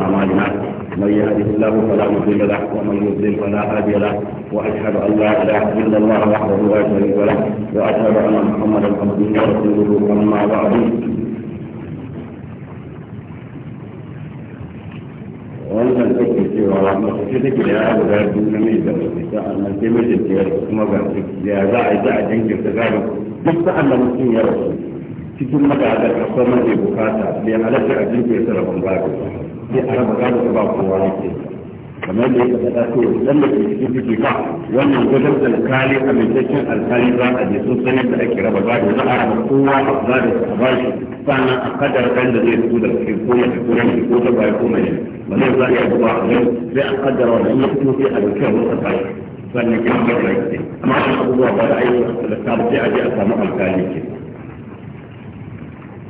أعمالنا من يهده الله فلا مضل له ومن يضلل فلا هادي له وأشهد أن لا إله إلا الله وحده لا شريك له وأشهد أن محمدا عبده ورسوله أما بعد wannan take cewa masu ce take da yaro da yaro na mai da wasu sa'an nan sai mijin ta yarda kuma ga ya za a yi za a jinkirta gado duk sa'an da mutum ya rasu cikin magagar akwai mai bukata bai halatta a jinkirta rabon gado sai a raba gado ba kowa yake kamar da ya faɗa to dan da ke cikin ciki ba wannan gudan alkali a mintaccen alkali za a je sun sanin da ake raba gado za a raba kowa a gado a bashi sannan a kadar ɗan da zai fito da cikin ko ya fito da ko ta baya ko mai ba zai za a iya zuba a yau sai a kadar wannan ya fito sai a ɗauki a wasu bashi sannan ya fara yake amma abubuwa ba da aiki da sai a je a samu alkali ke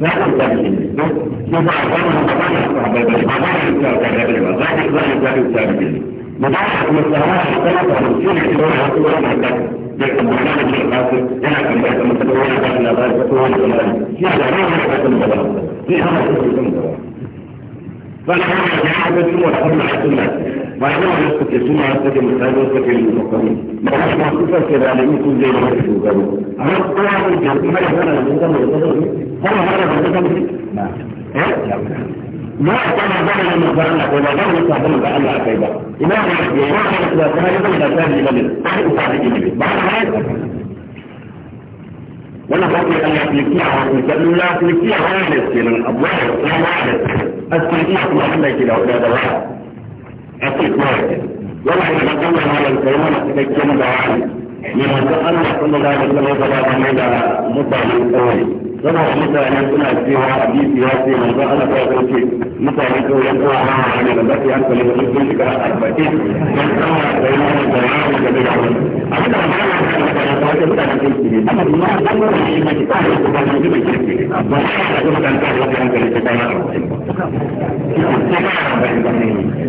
لا لا لا يضع ظهره مضايق الصحابة مضايق الصحابة مضايق ظهر الصحابة مضايق مستواه لا لا ما واحنا نسكت يسوع نسكت المساعد نسكت المقامين ما هوش معكوسة كده على مين زي ما هو شو أنا طبعا الجريمة هنا اللي هذا هذا هذا هذا ما ما كان هذا لما بقى ولا ده مستقبل بقى على كده إمام يا إمام أنا كده كده كده كده كده كده كده كده وانا بقول ان يفلكيها ويسألوا لا يفلكيها وارد كده الابواب وارد التنقيح محلك لو ده واحد أكيد واحد ولا يتكلم على الكلمة تتكلم بعالي لما تقلنا كل ذلك كما تبقى من مطعم الأول طبعا مثلا كنا فيها أبي سياسي من ذا أنا فاكر شيء مثلا كنا يقوى معه عن البدء أنت لما تقول لك أربعين من كما بينما الزمان كبير عمل أبدا ما أنا فاكر كان في أما ما أمر شيء ما تقال كان في شيء ما أنا كنت أنت لك أنت لك أنت لك أنت لك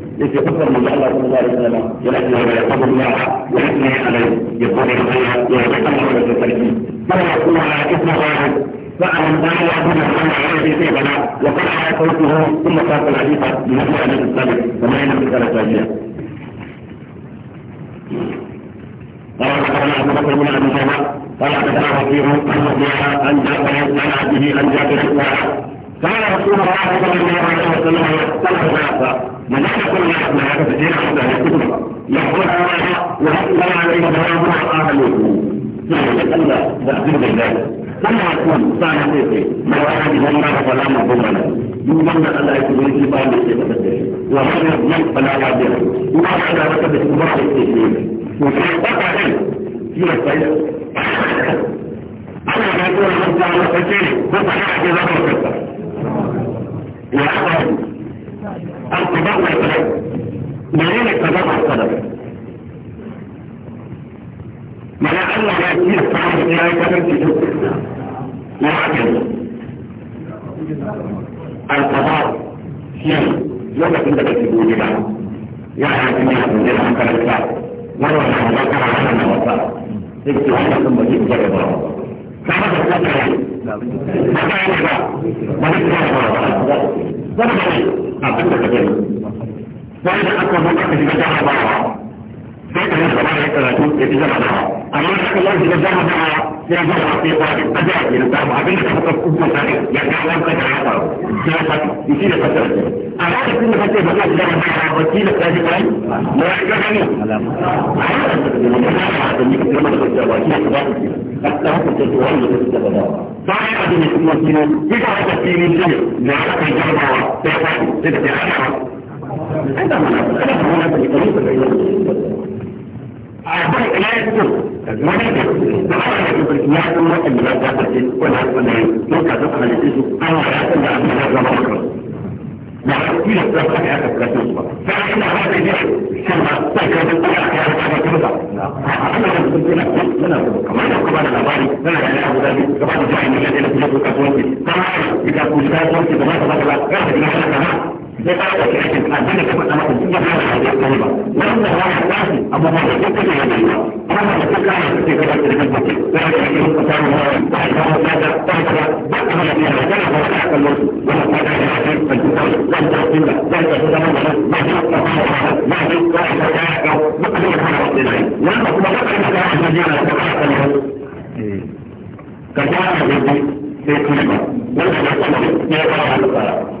يجي قصر من الله صلى الله عليه وسلم يلحنا ويقضي الله ويحنا عليه يقول الخير ويحنا على التركيب فلا يكون على اسم واحد فأنا لا يعبد الله عليه سيدنا وقال على قوته ثم قال الحديث بنفي عن السابق وما هي نفس الثانية قال حدثنا ابو بكر بن ابي شيبه قال حدثنا وكيع عن عن جابر عن عبده عن جابر قال كان رسول الله صلى الله عليه وسلم يقتل الناس من يقتل الناس من هذا الدين حتى يقتلها يقول الله وهكذا عليه السلام الله اهل الوجود نعم الله تقدير بالله ثم يقول صانع الله ما واحد من الله فلا الله له يمكن ان الله يكون في بعض الشيء ومن يظلم فلا وادي له وما على ركب الكبار السيفين وفي الواقع في الصيد أنا ما أقول لك أنا فكير بس أنا أحكي لك na ƙasarun al-qada wa al-qadar da samun ya yi kamar cikin na ƙasarun wanda aka zo aka jarabawa sai ka yi zama ya karatu ya fi zama dawa amma da aka lafi da zama dawa sai حتى هكذا تتغير السبب صحيح أن المسلمين بدعة في مسلم جعلت الجامعة تفعل تبدأ هذا ما نفعل أعضاء لا يكتب ما يكتب لا يكتب ولا يكتب ولا يكتب ولا يكتب ولا يكتب ولا يكتب ولا يكتب وحيكون الصحة في هذا الكتوبة فإن هذا الشيء سمع تكتب الصحة في هذا الكتوبة أحنا نقولنا كمان كمان كمان الأباري أنا أنا أبو ذبي كمان جاي من الذين كتبوا كتبوا كمان إذا كنت كتبوا كتبوا كتبوا كتبوا كتبوا كتبوا sai ka ga aikin abin da ka faɗa maka duk wani da ya kai ba wanda ya yi tashi amma ba da duk da ya yi ba amma da duk da ya ce ka ba da kan mutum sai ka yi ka samu ba ba ka ba ka ba ka ba ba ka ba ya ga kana ba ka kallon su wannan ka ga ya ce ka ji ka zan ta cin da zan ta zama ba ba ka ba ka ba ba ka ka ka ka ba ka ba ka ba da wannan kuma ka ka ka ka ji ka ka kallon ka ga ka ga sai kuma ba wannan ya kuma ya fara da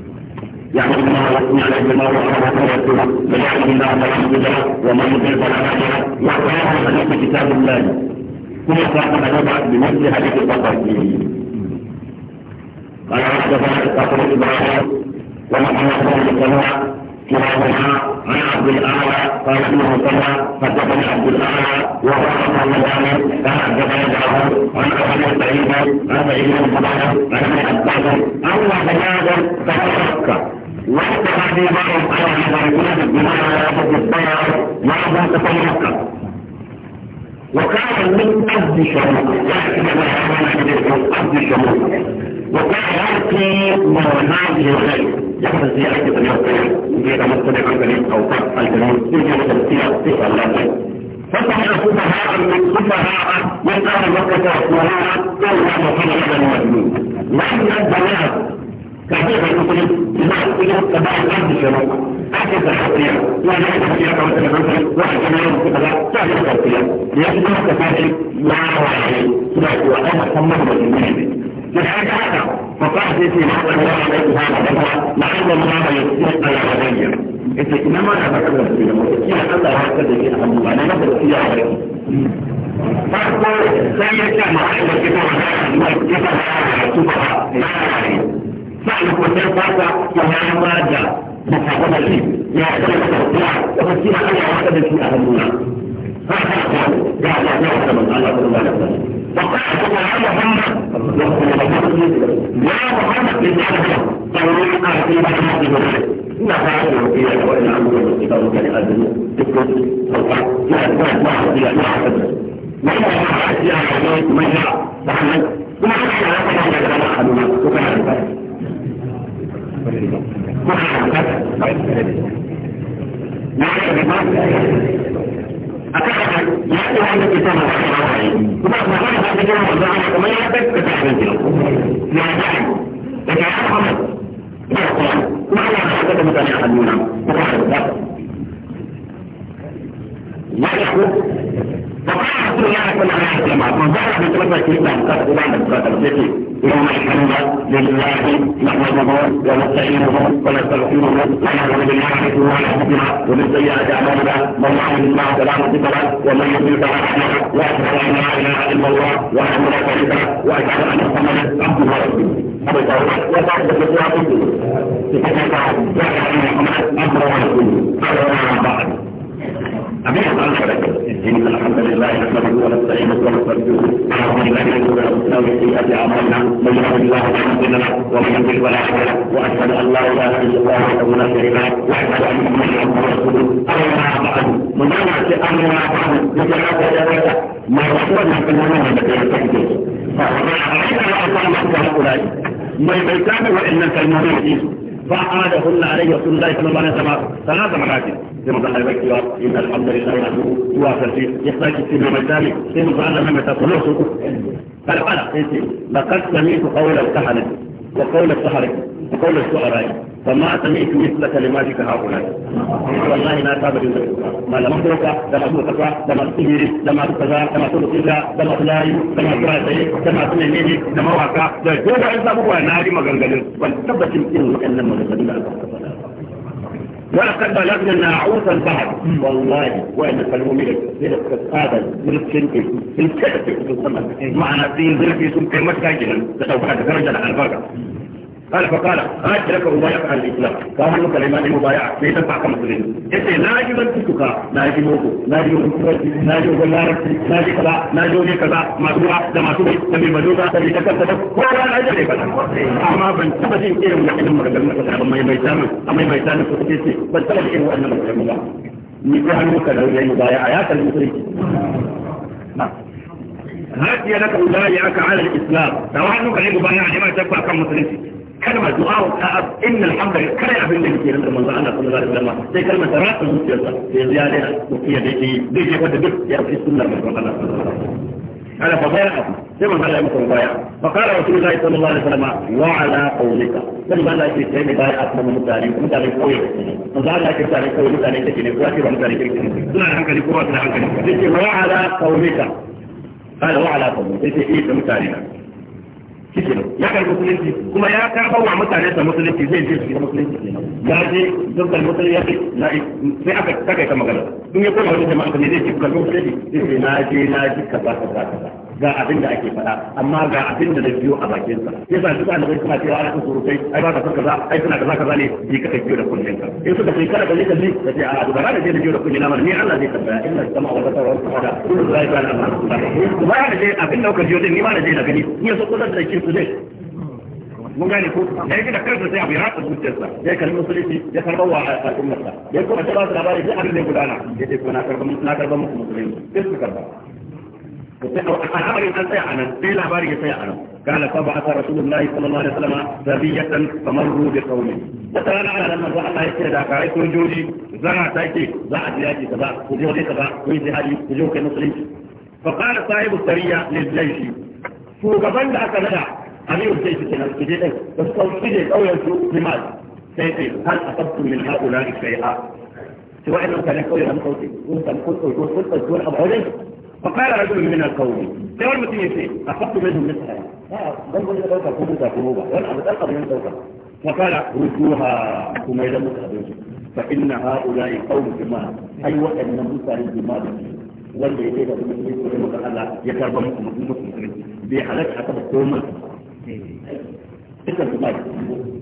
يعني الله يسمع لما وحده توكل ويعلم الله فالحمد لله وما يطيع فلا حاجه وقراها حديث كتاب الله ثم صاحب نبع بمثل حديث البقر فيه قال حدثنا البقر ابراهيم ومحمد بن الصلاح كلاهما عن عبد الاعلى قال انه صلى حدثني عبد الاعلى وهو عن مدان قال حدثني جعفر عن ابي سعيد عن سعيد بن عن ابن عباس ان بنادم تفرق وحتى في بعض الأحيان وكان من قصد الشروق يحكي وكان يأتي مهمات للغير يحفظ يأتي بالنقل وجد مصدر البنين أو تحت البنين يجب تبتيع صفة الله فصحى الفقهاء من صفهاء يقال وقت أسمهاء كلها مصدر المجنون لأن البنات تحقيق المسلم بمعنى كلهم تبع الحد في مصر حسب الحقيقة لا نحن الحقيقة مثل مصر واحد كما يوم كتبها تعمل الحقيقة لأن ما تفاعل مع وعيه سمعت وأنا صمم بالمهنة لحاجة هذا فقاعد في هذا الله عليك هذا بدأ لعل الله يصير على هدية انت انما انا بكلم في الموضوع الله هكذا في اهم انا ما بدأ فيها عليك فاقول سيئة معايا كتابها كتابها كتابها فاعرف ان هذا وما ماذا محافظه لي يا اخي الاستطلاع ومسكين انا واحد في اهل النار هكذا قال لا يعلم الله صلى الله عليه وسلم فقال يا محمد يا محمد لله قالوا اعطي محمد المسلم ما فعله في وإن عمره الكتاب كان أدنى تكون سوف لا لا لا لا لا أدنى ما لا أحد يعلم ما لا محمد وما لا أحد يعلم ما لا أحد وكان ذلك ما أكثر ما عن ما وما ما هذا الجمع ما يحدث نحمدهم ونستعينهم ونستغفره ونعوذ بالله من انفسنا ومن سيئات اعمالنا من يهده الله فلا مضل له ومن يضلل فلا هادي له واشهد ان لا اله الا الله وحده لا شريك له واشهد ان محمدا عبده ورسوله أبو داود وبعد فتوى كتبه في كتابة وحده محمد عبده ورسوله هذا هو بعد أمين عن شرك إن الحمد لله نحمده ونستعينه ونستغفره ونعوذ بالله من شرور أنفسنا ومن سيئات أعمالنا من يهده الله فلا مضل له ومن يضلل فلا هادي له وأشهد أن لا إله إلا الله وحده لا شريك له وأشهد أن محمدا عبده ورسوله أما بعد منعنا في أمرنا بعد بجلالة جلالك ما يحصلنا في المنام الذي يرتكبه فما علينا أن نصلح هؤلاء ما يبيتان وإن كالمنام فعادهن عليه رسول الله صلى الله عليه وسلم ثلاث مرات كما قال بكي ان الحمد لله نحمده توافر فيه يحتاج السنه مثالي كما قال لما تقول قال قال لقد سمعت قول الكهنه وقول السحر وقول السحراء فما سمعت مثل كلماتك هؤلاء والله لا تاب ما لم تبقى كما تبقى كما تبير كما تبقى كما تبقى كما تلاي كما تلاي كما تنيني كما واقع ده جوه عزة بقى ناري مغنغلين والتبت يمكن أن مغنغلين ولقد بلغنا ناعوس البعض والله وان فالمؤمن ذلك هذا ملكين في الكتف في الزمن معنى في ذلك يسمى مكاجنا تتوقع درجة على البركة قال فقال هات لك مبايعة على الإسلام قال لك الإمام المبايعة ليتنفع مسلم إنت لا يبنتك ناجي موكو ناجي موكو ناجي وغلارك ناجي كذا ناجي وجه كذا ما تبع لما تبع تبي مجوزة تبي تكر تبع ولا لا يجري كذا أما بن تبع شيء كذا من كذا من كذا من كذا أما يبيتان أما يبيتان كذا بس تبع شيء وأنا مجمع مثل هالمكان هو المبايعة يا كالمسلمين نعم هاتي لك ولايعك على الإسلام سواء نكلم بيع لما تبقى كمسلمين كلمة دعاء وتعب إن الحمد لله كلا يعبد الله كثير من منظر أنا صلى الله عليه وسلم زي كلمة راس المسيرة في زيادة وفي بيتي بيجي قد بيت يا في السنة من ربنا صلى الله عليه كما قال يا مصر بايع فقال رسول الله صلى الله عليه وسلم وعلى قولك كما قال في سيد بايع أسلم المتاري ومتاري قوي فقال لك التاري قوي متاري تكيني قواتي ومتاري كيكيني لا عنك لقوات لا عنك لقوات وعلى قولك قال وعلى قولك إيه متارينا shi ya kai musulunci kuma ya karba wa mutane sa musulunci zai je shiga musulunci ya je dukkan musulunci ya ce na sai aka takaita magana dun ya koma wani jama'a ne zai ce dukkan musulunci sai na je na ji kaza kaza kaza ga abin da ake faɗa amma ga abin da zai biyo a bakin sa sai ba su zai kuma cewa ana kan surutai ai ba ka san kaza ai kana kaza kaza ne bi ka biyo da kullun ka in suka kai kada kaje kaje da ce a dubara da je da biyo da kullun amma ni Allah zai tabbata inna sama wa basara wa sahada kullu zalika ala Allah kuma da je abin da ka biyo din ni ma da je da gani ni so ko da su dai mun gane ko da yake da kansa sai abu ya ratsa zuciyarsa ya kalli musulunci ya karɓar wa al'ummarsa ya kuma ta ba su labari sai abin da ya gudana ya ce kuma na karɓar muku musulunci sai su karɓa قال فبعث رسول الله صلى الله عليه وسلم سبية فمروا بقومه وتعالى على لما ضع الله يكي دا كاري كنجوجي زرع تايتي زرع تياكي كذا وجوه كذا ويزي هذه وجوه كمسلم فقال صاحب السرية للجيش فوق بند aka nada الجيش yau sai su kenan su je ɗin da su kawo je ƙauyen su limal sai sai har a sabtu min haƙula فقال رجل من القوم سيقول متين أخذت منهم مثلها بل بل دوكا كبرتا كنوبا ولا أبتلقى من دوكا فقال ردوها كما إذا متخبرش فإن هؤلاء قوم جماعة أي وقت من موسى للجماعة wanda ya da kuma لهم kuma da Allah ya karba muku mutum mutum bai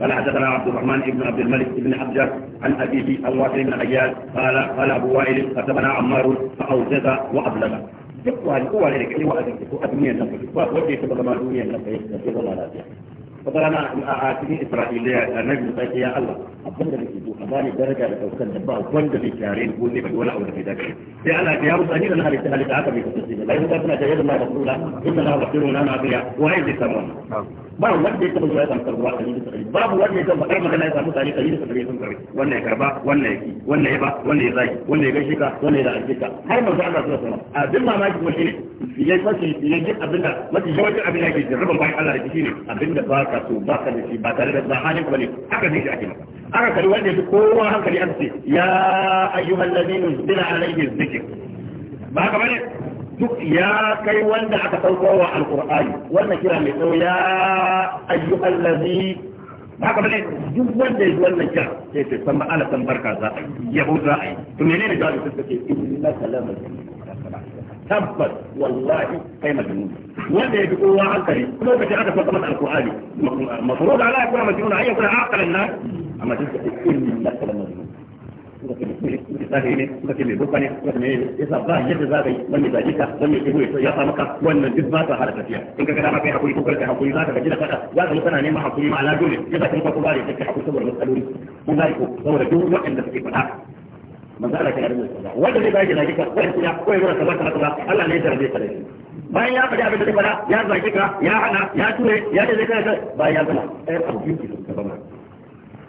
قال حدثنا عبد الرحمن بن عبد الملك بن حجر عن أبيه الواصل بن عياد قال قال أبو وائل كتبنا عمار فأوجز وأبلغ duk wani kowane da kai wa'azin ko a duniyar nan ba wace ta zama duniyar wata rana a cikin isra'iliya a nan da ya allah abin da nake so a bani daraja da daukar da ba wanda bai kyare ko zai faɗi wani abu da bai dace sai allah ya rusa ni da na halitta halitta haka bai kasance ba lai mutane da yadda ma da kula inda na basiru na na biya waye zai samu ba wanda ya taɓa zuwa ya samu karbuwa ɗari da ɗari babu wanda ya taɓa ɗari magana ya samu ɗari ɗari da ɗari sun karbi wannan ya karba wannan ya ki wannan ya ba wannan ya zaki wannan ya gaishe ka wannan ya da alƙita har manzo allah su sama abin mamaki kuma shine ya mafi yanzu abin da mafi yawancin abin da ke jirgin bayan allah da shi ne abin da ba baka so baka da shi ba tare da halin ku bane haka ne shi ake maka aka kalli wanda ya kowa hankali an ce ya ayyuhal ladina zila alayhi dhikr ba haka bane duk ya kai wanda aka saukowa alqur'ani wannan kira mai tsawo ya ayyuhal ladina haka bane duk wanda ya wannan kira sai ce san ma'ana san barka za a yi yabo za a yi to menene jawabi suka ce innaka lamal tabbas wallahi kai majnun wanda ya bi kowa hankali lokacin aka fara masa alqur'ani mafruḍ ala yakuna majnun ay yakuna aqal an-nas amma tinka ilmi la kana majnun yasa ba yadda za ka yi wani zaji ka wani ya ya sa maka wannan duk ba ta hada tafiya in ka gada maka yi hakuri ko karka hakuri za ka gaji da fada za ka kana neman hakuri ma ala dole yasa kin ka kuma da kake hakuri saboda matsaloli ko ko saboda duk waɗanda suke fada manzo Allah ya rubuta kaza wanda zai baki laki ka wanda ya koyi mura kaza kaza Allah ne ya tarbe ka dai bayan ya faɗi abin da fara ya zaki ka ya hana ya ture ya ce zai kai bayan ya gama sai abu biyu ki ka ba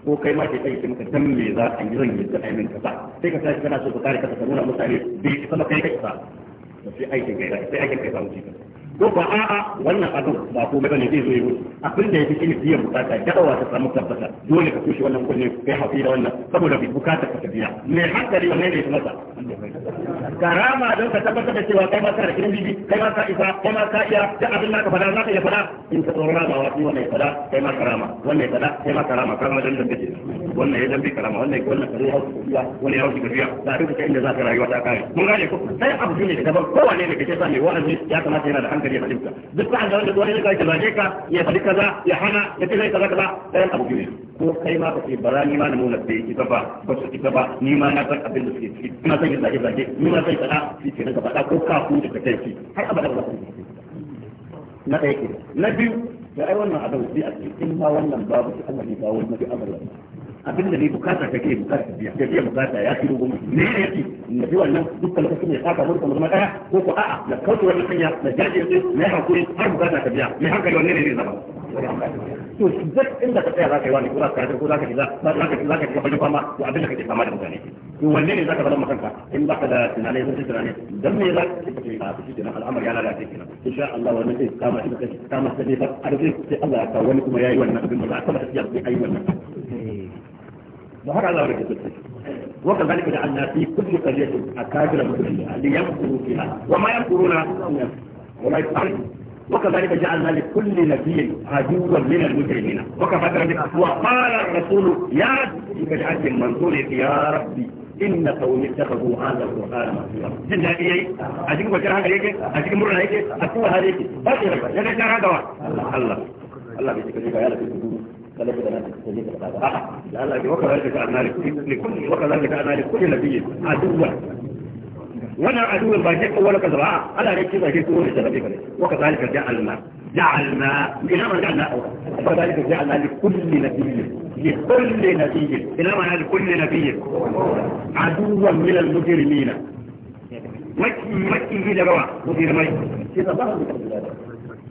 ko kai ma ke kai kin ka san me za a yi zan yi da aimin kaza sai ka tashi kana so ka kare kanka ka nuna mutane bai sama kai kai ba sai aikin kai sai aikin kai ba mu ji ko ba a'a wannan abin ba ko bane zai zo yi abin da yake cikin biyan bukata da'awa ta samu tabbata dole ka kushe wannan kunne kai hafi da wannan saboda bukata ka biya me hankali wannan ne masa karama don ka tabbatar da cewa kai ma ka rikin bibi kai ma ka isa kai ma ka iya da abin da ka fada za ka iya fada in ka tsoron rama wa shi wannan ya fada kai ma karama wannan ya fada kai ma karama karama don da kake wannan ya zambi karama wannan ya wannan kare hausa tafiya wannan ya hausa tafiya da duk kai inda za ka rayuwa ta kare mun gane ko sai abu ne da daban kowane ne kake sani wa'azi ya kamata yana da hankali ya fahimta duk sa'an da wanda wani ya zage ka ya faɗi kaza ya hana ya ce zai kaza kaza sai abu ne ko kai ma ka ce bara ni ma na mu na bai ki ba ba su ki ba ni ma na san abin da suke ciki na san yadda ake zage ni ma bai fada shi ke daga fada ko kafu da kake shi har abada ba za na ɗaya ke na biyu da ai wannan abin sai a ce ma wannan babu shi Allah ne ba wani mafi amara abin da ne bukata kake bukata biya kake bukata ya fi dogon ne ya ce na bi wannan dukkan kasu ne saka murka murma ko ko a'a na kauce wannan hanya na jaje na hakuri har bukata ka biya mai hankali wannan ne zai zama to duk inda ka tsaya za ka yi wani ko za ka yi ko za ka yi za ka yi kwakwalwa ma to abin da kake fama da mutane to wanne ne za ka zama kanka in ba ka da tunanai sun tunanai dan me za ka yi ka fi kenan al'amari ya lalace kenan insha Allah wannan zai kama shi da kai kama shi da kai a da sai Allah ya kawo wani kuma yayi wannan abin ba za ka tafiya sai ayi wannan da haka Allah ya tafi وكذلك جعلنا في كل قرية أكابر مجرمين ليمكروا فيها وما يمكرون وما يفعلون وكذلك جعلنا لكل نبي عدوا من المجرمين وكفى ذلك وقال الرسول يا رب فاجعلني منصور يا ربي إن قومي اتخذوا هذا القرآن مسيرا جدا إيه أجيك بشر هذا يجي أجيك مرة يجي أسوى هذا يجي بشر يجي شر هذا الله الله آه. الله بيجي كذي بيا لك وكذلك جعلنا لكل وكذلك جعلنا لكل نبي عدوا وانا عدو باجيك ولا كذباء انا ليك باجيك ولا كذباء وكذلك جعلنا جعلنا إنما جعلنا وكذلك جعلنا لكل نبي لكل نبي إنما لكل نبي عدوا من المجرمين مكي مكي جدوا مجرمين كذا بعض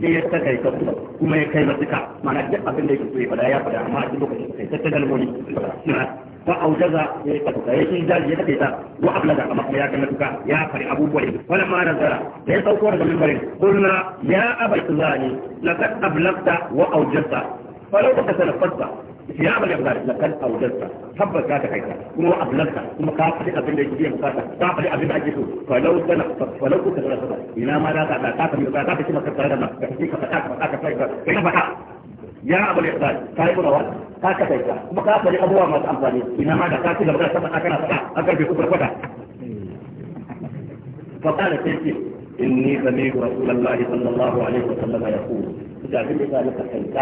sai ya saka kai kasu kuma ya kai matuka mana duk abin da yake so ya fada ya fada amma a cikin lokacin kai ta tagar wani fa aujaza ya kasu kai shi da ya kai ta wa ablaga amma ya kai matuka ya fari abubuwan wala ma nazara da ya sauko daga mimbarin kulna ya abai tuzani laqad ablagta wa aujazta falau ka tanaffasa ya ba da da kan audarta tabbas ka ta kaita kuma ablarta kuma ka fadi abin da yake bukata ka fadi abin da ake so falau kana falau ka tsara ba ina ma da ka da ka fadi ka fadi maka tsara da ka fadi ka fada ka fada ka fada ka fada ya abu da ibad ka yi murawa ka ta kaita kuma ka fadi abubuwa masu amfani ina ma da ka ci gaba da tabbata kana fada a karfe uku kwata fa kana sai إني سمعت رسول الله صلى الله عليه وسلم يقول إذا كنت ذلك كنت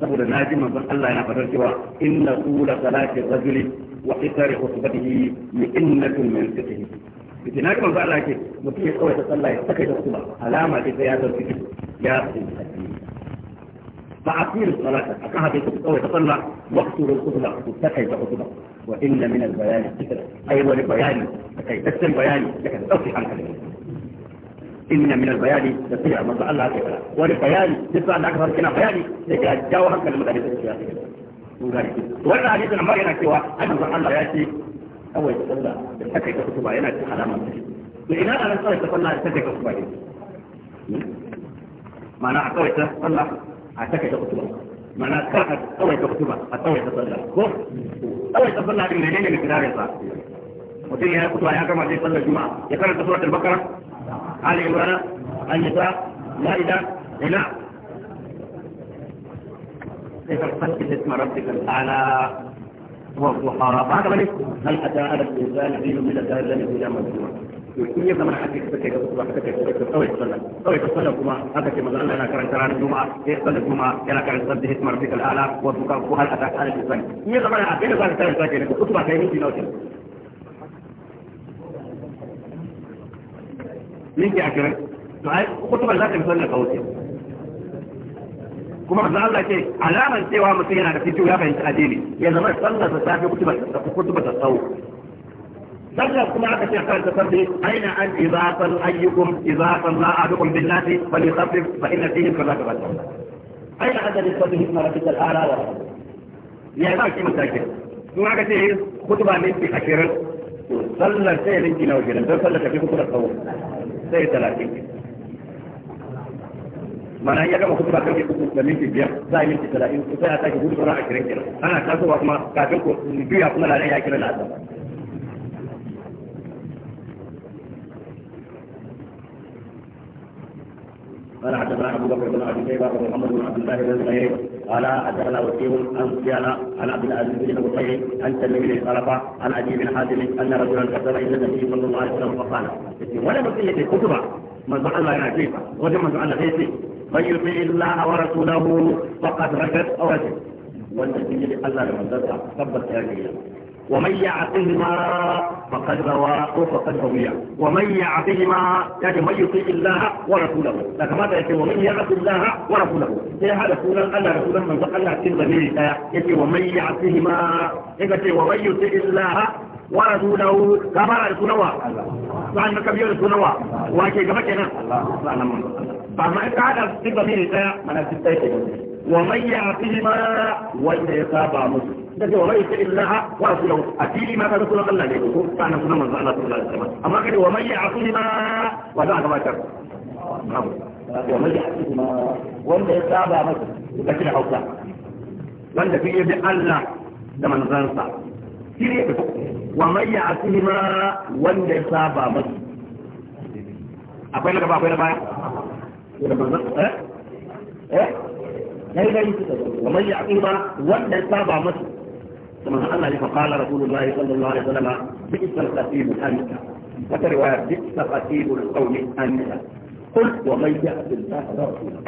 saboda naji manzon Allah yana fadar cewa inna qula salati rajuli wa qitari khutbatihi mi'annatun min sittihi idan naji manzon Allah yake mutum ya kawai sallah ya saka da kuma alama ce sai ya san fiki ya فأقيل الصلاة أكاها في تقوى تصلى واقصر الخطبة تكي تخطبة وإن من البيان أي أيوة ولبيان تكي تسل بيان لكن أوفي dauki hankali إن من البيان نسيع ما شاء الله تعالى والبيان أن أكثر كنا بياني لكي جاو حقا للمدرسة الشيخ ولا حديث الأمر هنا سوى أن ما شاء الله يأتي أول يتصلى بالحكي كتبا على في حلامة لإن أنا نصر يتصلى الحكي كتبا معنى أقوى يتصلى الحكي كتبا معنى أقوى يتصلى أقوى يتصلى أقوى يتصلى من منين من كدار يصلى وتيجي هنا كتبا يا كما يصلى الجمعة يقرأ سورة البقرة على عمران النساء مائدة هنا لتقصد اسم ربك الأعلى والضحى بعد ذلك هل أتى على الإنسان حين من الدار الذي لا مزدور يكون يبقى من حديث بكي كتب حديث بكي كتب أو يتصلى أو يتصلى كما هذا كما ظل أنا كرن ترى الجمعة يتصلى كما أنا كرن صد اسم ربك الأعلى والضحى وهل أتى على الإنسان يبقى من حديث بكي كتب حديث بكي كتب minti ashirin to ai kutubar za ta fi sallar kawai kuma manzo Allah ce alamar cewa mutum yana da fito ya fahimci addini ya zama sallar da safe kutubar da kutubar da tsawo sallar kuma aka ce kan tafar da aina an izafan ayyukum izafan la adukum billahi fa li khafif fa inna fihi fa la tabata aina adad sabih ma rabbika al-ala wa ya ba ki mutake kuma aka ce kutuba ne ki akiran sallar sai ne ki nawa gidan don sallar ta fi kutubar tsawo sai talatin mana ya gama kutuba karfe uku da minti biyar za a yi minti talatin sai a sake gudu kira ana tasowa kuma kafin ku biya kuma lalai ya kira da قال حدثنا ابو بكر بن ابي شيبه محمد بن عبد الله بن زهير قال حدثنا وكيل عن سفيان عن عبد العزيز بن طيب عن سلم بن خلفه عن ابي بن حاتم ان رجلا كتب الى النبي صلى الله عليه وسلم فقال ولا مسلم في الكتب من زعل الله يعزيه وجمع من زعل الله من يطيع الله ورسوله فقد ركب او رجل والنبي الله لمن ذكر ثبت هذه ومن يعطهما فقد غوى او فقد هوي ومن يعطهما يعني من يطيع الله ورسوله لكن ماذا يقول ومن يعص الله ورسوله يا إيه هذا رسولا الله رسولا من ذكر الله في الغنيه يقول ومن يعطهما يقول ومن يطيع الله ورسوله كما رسول الله وعن kabiyar sunawa wake gaba kenan كما ma ka hada su ba mai tsaya ومن يعطهما tsaye wa mai daga wa mai ta illaha wa rasulahu a fili ma ka rasulun Allah ne ko ta nan sunan manzo Allah sallallahu alaihi wasallam amma kada wa mai ya'suni ma wa za ka mata wa mai ya'suni ma wanda ya saba masa da kira hausa wanda kai bi Allah da manzansa shirye ka wa mai ya'suni ma wanda ya saba masa akwai na gaba akwai na baya da manzan eh eh dai dai ومن يعقيبها ولا يتابع مثل ومن قال فقال رسول الله صلى الله عليه وسلم بئس الخطيب انت وترواية بئس خطيب القوم انت قل ومن يأت الله رسوله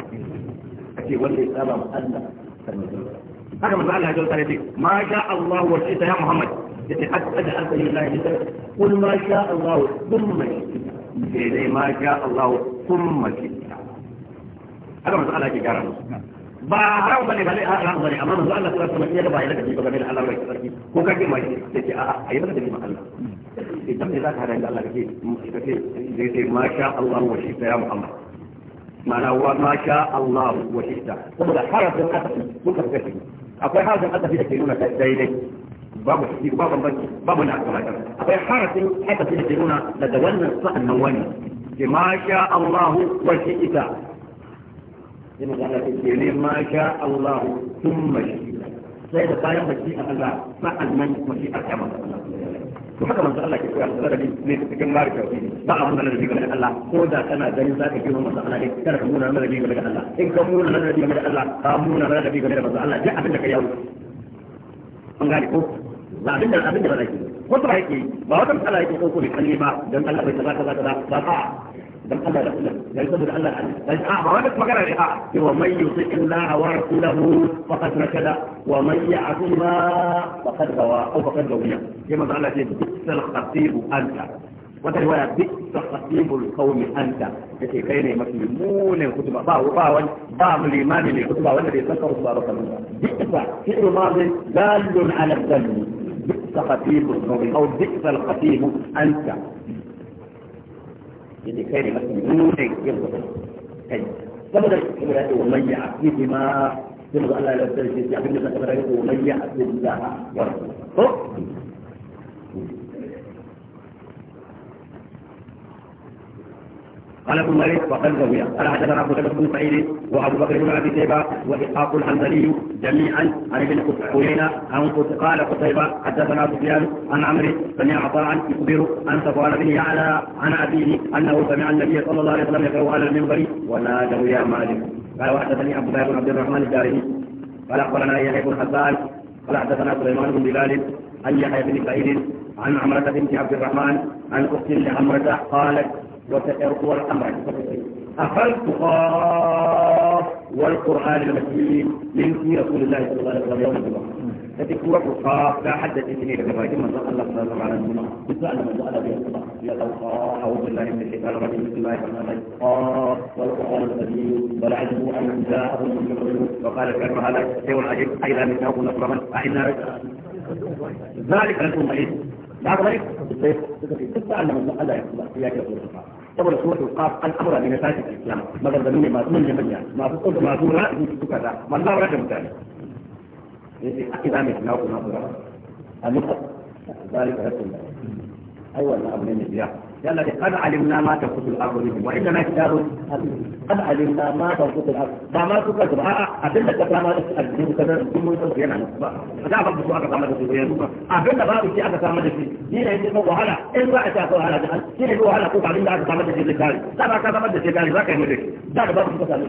أكي ولي سبب أن هذا ما قال هذا الثالث ما شاء الله وشئت يا محمد يتحدث أنت لله قل ما شاء الله ثم شئت ما شاء الله ثم شئت هذا ما قال هذا ba haram bane bane a haram bane amma manzo Allah sallallahu alaihi wasallam ya bayyana da game da Allah bai sarki ko kake mai sai a a yi da ma Allah idan da zaka da Allah kake kake zai sai ma sha Allah wa shi ya Muhammad ma'ana wa ma sha Allah wa shi ta kuma da harafin asafi mun ka kace akwai harafin asafi da ke nuna daidai babu shi babu banki babu na kuma akwai harafin asafi da ke nuna daga wannan sa'an nan wani ma sha Allah wa shi ta yana da Allah ke ne ma sha Allah sun mashi sai da bayan mashi a Allah sa'an nan mashi a kama to haka manzo Allah ke koya da rabbi ne cikin mara tauhidi ba a wannan rabbi daga Allah ko da kana ganin zaka kiro manzo Allah ne kada ka muna rabbi daga Allah in ka muna rabbi daga Allah ka muna rabbi daga manzo Allah ji abin da ka yawo an gane ko ba abin da abin da ba zaki wata ba yake ba wata matsala yake ko ko ne kalli ba dan Allah bai kaza kaza kaza ba لم أمل ومن يطع الله ورسوله فقد نكد ومن يعص الله فقد غوى أو فقد غوي كما قال الله بئس الخطيب أنت وتجوايا بئس خطيب القوم أنت كي كاين مسلمون الكتب با با با مليمان الكتب والذي ذكر الله بئس فعل ماضي دال على الذنب بئس خطيب القوم أو بئس الخطيب أنت yake kai ne mafi yin kai saboda kuma ya wa ma Allah ya lafiya shi abin da zaka fara da قال ابن مالك وقد روي قال حدثنا ابو بكر بن سعيد وابو بكر بن ابي شيبه واسحاق الحنبلي جميعا عن ابن عيينه عن قال قتيبه حدثنا سفيان عن عمرو سمع عطاء يخبر عن صفوان بن يعلى عن ابيه انه سمع النبي صلى الله عليه وسلم يقرا على المنبر ونادوا يا مالك قال وحدثني ابو بكر بن عبد الرحمن الدارمي قال اخبرنا يحيى بن حبان قال حدثنا سليمان بن بلال عن يحيى بن سعيد عن عمرة بنت عبد الرحمن عن أخت لعمرة قالت وتأرقوا الأمر أخذت خاف والقرآن المسلمين من رسول الله صلى الله عليه وسلم يوم الجمعة فتكون لا حد تسني لك ثم الله صلى الله عليه وسلم بسأل من سأل به الله يا لو أعوذ بالله من الشيطان الرجيم بسم الله الرحمن الرحيم قاف والقرآن المسلمين بل عجبوا أن جاءهم من وقال كما هذا شيء عجيب أيضا من نوم من أعنا ذلك لكم عيد لا تغيب تسأل من سأل الله يا كفر saboda kuma suratul qaf al'amura ne na sake kiyama magana ne masu manyan manya masu tsoda masu ra'ayi su suka da manzo ra da mutane yace akida mai na ku na ku a amma zalika rasul ai wannan abin ne ne biya قال لك قد علمنا ما تنقص الارض منهم وانما كتاب قد علمنا ما تنقص الارض ما ما تنقص الارض ابدا كتاب ما تنقص الارض كذا ثم يصير يعني فدا بعض السؤال كما تقول يا نوما ابدا بعض الشيء هذا كما تقول دين عندي هو على ان رايت هو على جهل دين هو على كتاب الله كما تقول الكاري تبع كما تقول الكاري ذاك يملك ذاك بعض السؤال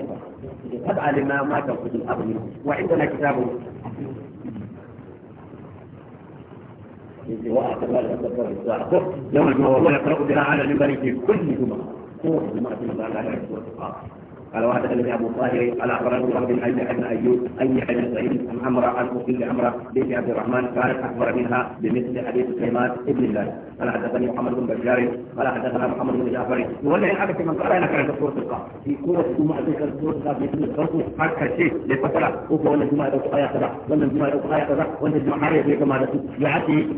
قد علمنا ما تنقص الارض منهم وعندنا كتاب يوم الجمعة والله يقرأ بها على المنبر في كل جمعة هو جماعة على قال واحد وحدثني ابو طاهر قال اخبرني عبد الحي بن ايوب اي حديث سعيد عن عمر عن اخته عمر بنت عبد الرحمن قال اخبر منها بمثل حديث سليمان ابن الله قال حدثني محمد بن بشار قال حدثنا محمد بن جعفر ولا ان حدث من قال انا كانت سوره القاف في كوره الجمعه ذكر سوره القاف باسم الفرق حتى شيء لفتره وفي ولا الجمعه يدعو ايه كذا ولا الجمعه يدعو ايه كذا ولا الجمعه يدعو كما يا عتي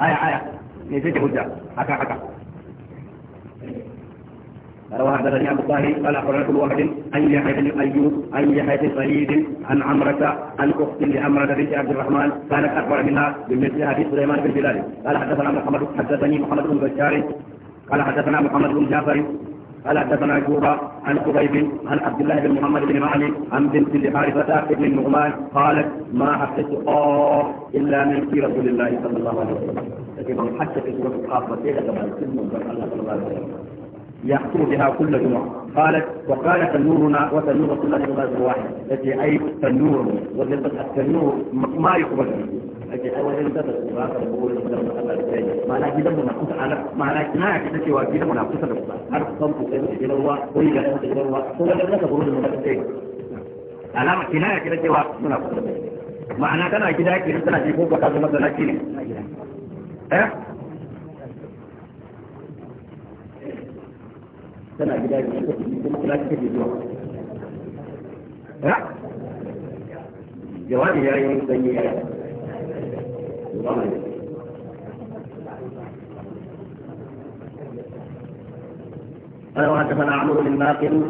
ايه ايه نسيت حجه حكى حكى روى حدثني ابو الطاهر قال اخبرنا كل واحد ان يحيى بن ايوب ان يحيى بن سعيد عن عمرة عن اخت لعمرة بنت عبد الرحمن كانت اكبر منها بمثل حديث سليمان بن بلال قال حدثنا محمد حدثني محمد بن بشار قال حدثنا محمد بن جعفر قال حدثنا جورا عن قبيب عن عبد الله بن محمد بن معلي عن بنت لحارثة بن النعمان قالت ما حدثت اه إلا من في رسول الله صلى الله عليه وسلم لكن حتى في سورة القاف وسيلة كما يسلم الله صلى الله عليه وسلم يحكم بها كل جمعة قالت وقال تنورنا وتنور كل جمعة واحد التي أي تنور وجدت التنور ما يقبل التي أول إن تدرس معناها كده مناقصة على معناها كناية كده سوى كده مناقصة بس هل تصمت إلى الله وإلى إلى الله هو لم تخرج من الشيء علامة كناية كده سوى مناقصة معناها كده كده كده تناجي فوق وكذا مثلا كده سنة عكسنا عمرو بن باقر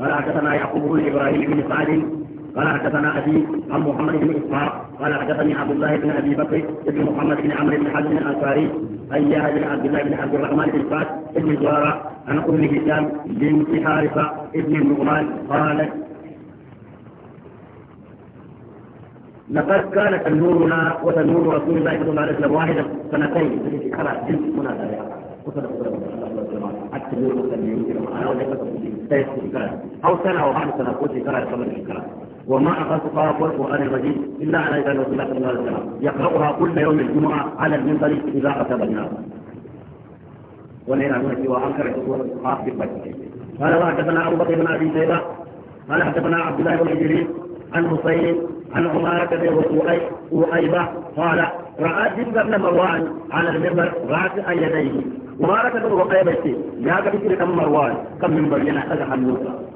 قال حدثنا يعقوب بن ابراهيم بن خالد قال حدثنا ابي عن محمد بن اسحاق قال حدثني عبد الله بن ابي بكر بن محمد بن عمرو بن حزم الانصاري اياه بن عبد الله بن عبد الرحمن بن فاس بن زوارة عن ام هشام بنت حارثه بن النعمان قالت لقد كانت تنورنا وتنور رسول الله صلى الله عليه وسلم واحدا سنتين خلاص منازع او سنه او بعد سنه قلت كلام وما قراءه القرآن الرجيم إلا على إذا رسول الله صلى الله عليه وسلم يقرأها كل يوم الجمعة على المنبر إذا أتى الناس ولينا من سوى أنكر يقول حافظ قال وحدثنا أبو بكر بن أبي شيبة قال حدثنا عبد الله بن إدريس عن حسين عن عمارة بن وأيبة قال رأى جند بن مروان على المنبر رافعا يديه عمارة بن وأيبة يا كبير كم مروان كم منبر ينحدث عن موسى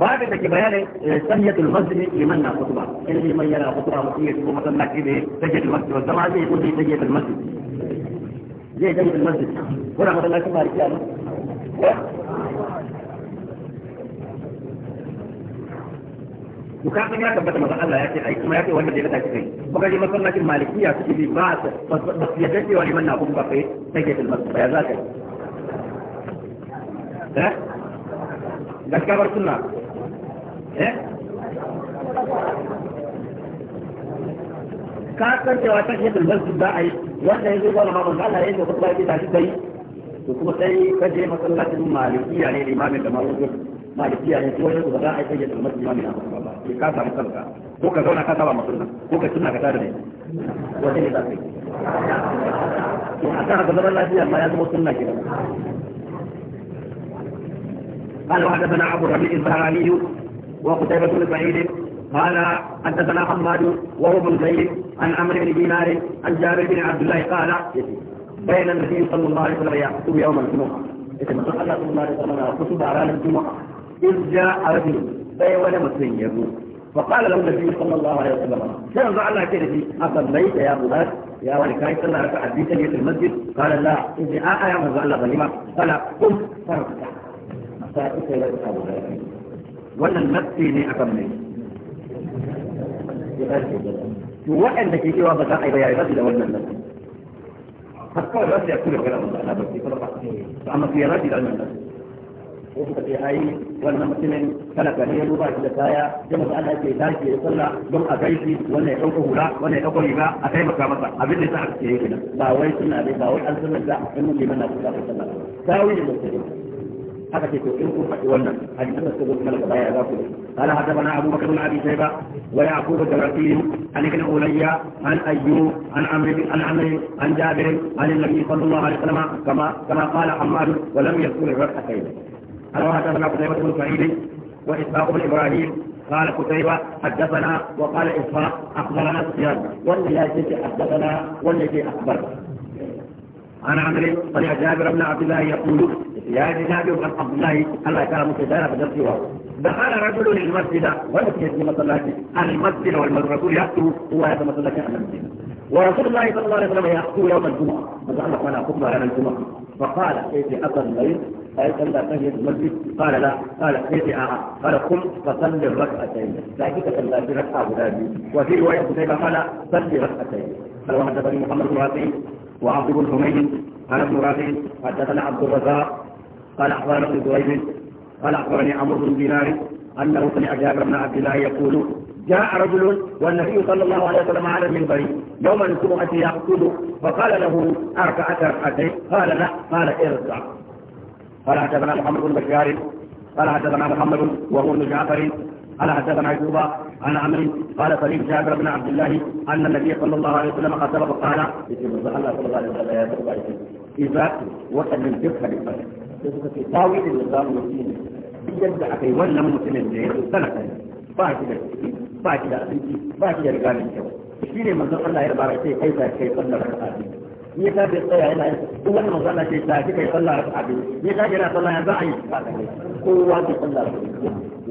بعد ذلك بيان آه، سمية الغزل لمن لا خطبة إنه يعني من يلا خطبة مصرية سبوما سمع كده سجد المسجد والجمعة زي يقول لي سجد المسجد زي سجد المسجد هنا مثلا لا سمع رجالة وكان يا كبت مثلا الله يأتي أي سمع يأتي وهي مدينة تاكسين وقال لي مثلا لكن مالكية سجدي بعض بس يجدي ولمن لا خطبة في سجد المسجد ها؟ gaskiya bar sunna eh ka san cewa ta ke dal masjid da ai wanda yazo wala ma manzo Allah yazo kuma ya tashi sai to kuma sai ka je masallacin malikiya ne imamin da malikiya malikiya ne ko yanzu ba za a yi sai da masjid imamin ba ka samu kanka ko ka zauna ka saba masunna ko ka tunna ka tada ne wajen da zaka yi to a kan haka zaman lafiya ma ya zama sunna kenan قال وحدثنا ابو الربيع البهراني وقتيبة بن سعيد قال حدثنا حماد وهو بن زيد عن عمرو بن دينار عن جابر بن عبد الله قال بين النبي صلى الله عليه وسلم يخطب يوم الجمعة إذا ما صلى الله عليه وسلم خطب على الجمعة إذ جاء رجل بين مسلم يقول فقال له النبي صلى الله عليه وسلم كان الله كيف في أصليت يا ابو بكر يا ولد كان يصلى حديثا في المسجد قال لا اني آه, آه، يا مزعل غنيمة قال قم فرقك ta ita ya ta guda wannan nafsi ne akan mai to waɗanda ke cewa ba za a yi bayani ba da wannan nafsi har kawai za su ya kula gara manzo Allah ba su fara ba amma su ya rabi da wannan nafsi ko suka ce ai wannan mutumin talaka ne ya duba shi da kaya da manzo Allah ke dace ya sallah don a gaishe wannan ya dauka hula wannan ya dauka riga a taimaka masa abin da ta aka ce ba wai suna dai ba wai an sanar da in mun liman na sallah tawili da sallah قال حدثنا ابو بكر بن ابي شيبه ويعقوب الدرقي عن ابن اولياء عن ايوب عن عمرو عن عمرو عن جابر عن النبي صلى الله عليه وسلم كما كما قال حماد ولم يذكر الركعتين. قال حدثنا قتيبة بن سعيد واسحاق بن ابراهيم قال قتيبة حدثنا وقال اسحاق اخبرنا سفيان والذي حدثنا والذي اخبرنا انا عمرو صلى جابر بن عبد الله يقول يا جابر بن عبد الله الله يكرمك دار بدرتي واو دخل رجل المسجد ولم يجد مصلاته المسجد والرسول يخطب هو هذا مصلاته المسجد ورسول الله صلى الله عليه وسلم يخطب يوم الجمعه فقال وانا خطبه على الجمعه فقال كيف اثر الليل هل لا تهيئ المسجد قال لا قال كيف أرى؟ قال قم فصل الركعتين لكن صلى ركعه وفي روايه قتيبه قال صل ركعتين قال وحدثني محمد بن وعبد بن حميد قال ابن رافع حدثنا عبد الرزاق قال اخبرنا ابن زهير قال اخبرني عمرو بن دينار انه سمع جابر بن عبد الله يقول جاء رجل والنبي صلى الله عليه وسلم على المنبر يوم الجمعة يقول فقال له أركعت ركعتين قال لا قال ارجع قال حدثنا محمد بن بشار قال حدثنا محمد وهو بن جعفر على حسب معجوبة عن عمر قال صديق جابر بن عبد الله أن النبي صلى الله عليه وسلم قد سبق قال إذا وصل من جبهة طاويل النظام المسلم بجد أخي ولا مسلم جيد سنة باكدة باكدة أخي باكدة رقام الجو شيري من ذكر الله يربع رأسي كيف كيف صلى الله عليه وسلم هو أنه صلى الله عليه وسلم كيف صلى الله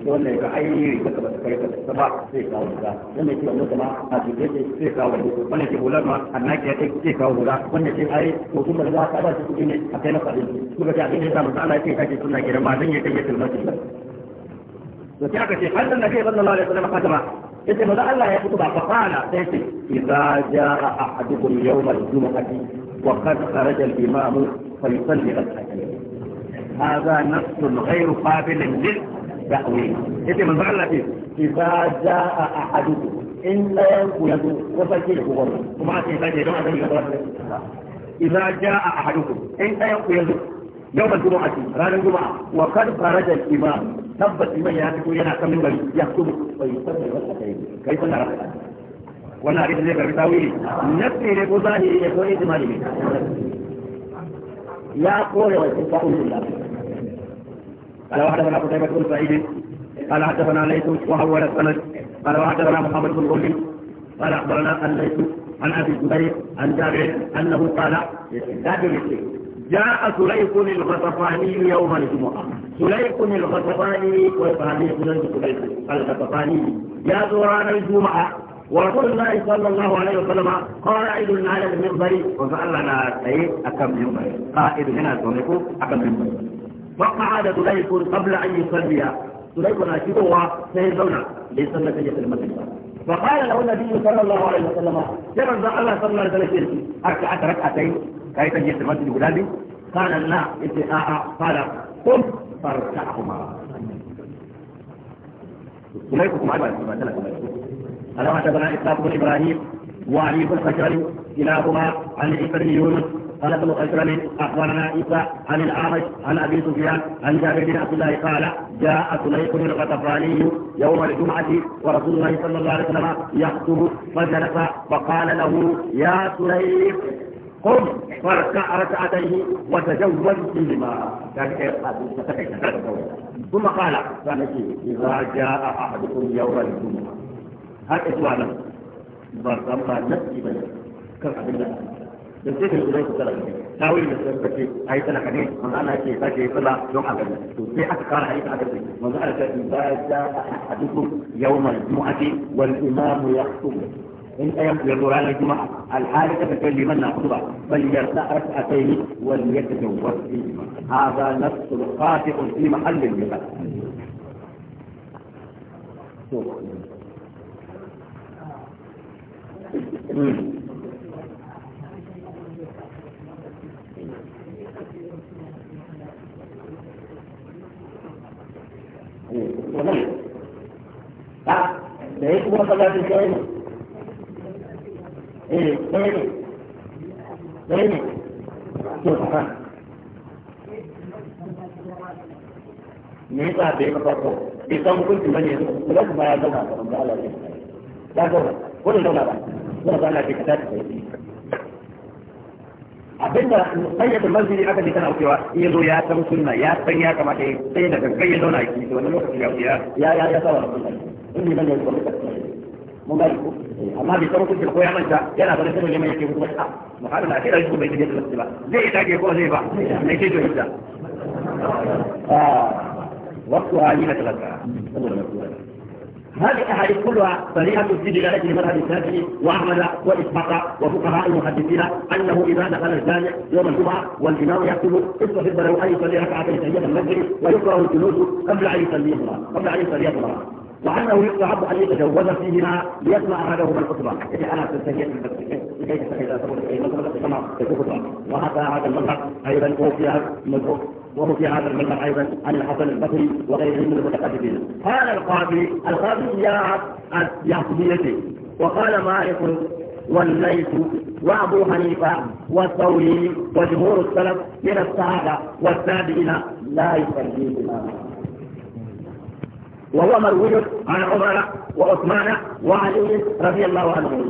wannan ga ainihin da ba kai ka ba sai kawo da wannan ke wannan ma a cikin sai kawo da wannan ke hular ma annaki ya sai kawo da wannan ke ai ko kuma za ka ba shi kudi ne a kai na fadin kuma ga abin da samu Allah ya ce kake sunna kiran ma dan ya kai tilmasi to sai aka ce annan nabi sallallahu alaihi wasallam katama yace maza Allah ya fito ba fa kana sai ce idza jaa ahadukum yawm al-jum'ati wa qad kharaja al-imam fa yusalli al-hajj هذا نص غير قابل للفهم دعوي يتي من فعل فيه إذا جاء أحدكم إن لا يكون وفكيه هو وما تنسى إذا جاء أحدكم إن لا يكون يوم الجمعة رانا الجمعة وقد خرج الإمام ثبت من يأتي ينا كم من يكتب ويصلي ركعتين كيف نرى وانا عرفت ذلك بتاويل نفسي لقضاء يكون إجمالي يا قول ويصلي قال حدثنا قتيبة بن سعيد قال حدثنا ليث وهو السند قال حدثنا محمد بن غلي قال اخبرنا ليث عن ابي الزبير عن جابر انه قال جاء سليف الغطفاني يوم الجمعة سليف الغطفاني والصحابي سليف الغطفاني يا زوران الجمعة ورسول الله صلى الله عليه وسلم قائد على المنبر وسألنا سيد أكم يوم قائد هنا سليق أكم يوم فقعد ذليف قبل أن يصلي ذليف ناشدوا سيزونا لك جهة المسجد فقال له النبي صلى الله عليه وسلم كما ذا الله صلى الله عليه وسلم أركعت ركعتين كي تجي المسجد ولادي قال لا اتقاء آه، آه. قال قم فاركعهما إليكم عبادة ما سلكم ألا حدثنا إسحاق بن إبراهيم وعلي بن خشري كلاهما عن ابن يونس قال ابن أكرم أخبرنا عيسى عن الأعرج عن أبي سفيان عن جابر بن عبد الله قال جاء سليق الغطفاني يوم الجمعة ورسول الله صلى الله عليه وسلم يخطب فجلس فقال له يا سليق قم فاركع ركعتيه وتجوز بهما يعني إيه؟ ثم قال إذا جاء أحدكم يوم الجمعة هل إخوانا الله نفسي بيتك كم عبد الله da sai ka zai ku sallah ta wuri da sai kace ai sallah ne manzo Allah yake sake yi sallah don haka to sai aka kara hadisi aka ce manzo Allah ya ce ba ja ahadukum yawmal jumu'ati wal imamu yakhutub in ɗayan ya zo ranar juma'a alhali ka tafi liman na kutuba bal yarda rak'atayhi wal yatajawwaz fi hadha nafsul qati'un fi mahallin liman Mm-hmm. صح ده ايه كبيرة طلعت الكلمة ايه تاني تاني سبحان me yasa da ya farko bai san hukunci bane yanzu kuma kuma ya zauna da Allah ne ya zauna ko da zauna ba zauna ba Allah ke kada ta yi abinda sayyidul masjid aka ji tana cewa ya zo ya san sunna ya san ya kamata sai da gangan ya zauna yake wannan lokaci ya ya ya ya sawa in ne ban da mun ga ku amma bai san kuke koya manta yana da sanin neman yake kuma a muhalin da akira shi bai ji da ba zai dage ko zai ba mai ke johin da ah wasu halina talaka saboda mutuwa هذه الاحاديث كلها صريحه في دلاله المذهب الشافعي واحمد واسحاق وفقهاء المحدثين انه اذا دخل الجامع يوم الجمعه والامام يقول استفد له ان يصلي ركعتين تحيه المسجد ويكره الجلوس قبل ان يصليهما قبل ان يصليهما وانه يستحب ان يتجوز فيهما ليسمع احدهما الخطبه يعني انا لكي كيف اذا تقول اي مطلب كما الخطبه وهذا هذا المذهب ايضا اوفي مذهب وهو في هذا المنبر ايضا عن الحسن البصري وغيره من المتقدمين قال القاضي القاضي يا يعقوبيتي وقال مالك والليث وابو حنيفه والثوري وجمهور السلف من الصحابه والتابعين لا يصلي بالامام وهو مروي عن عمر وعثمان وعلي رضي الله عنهم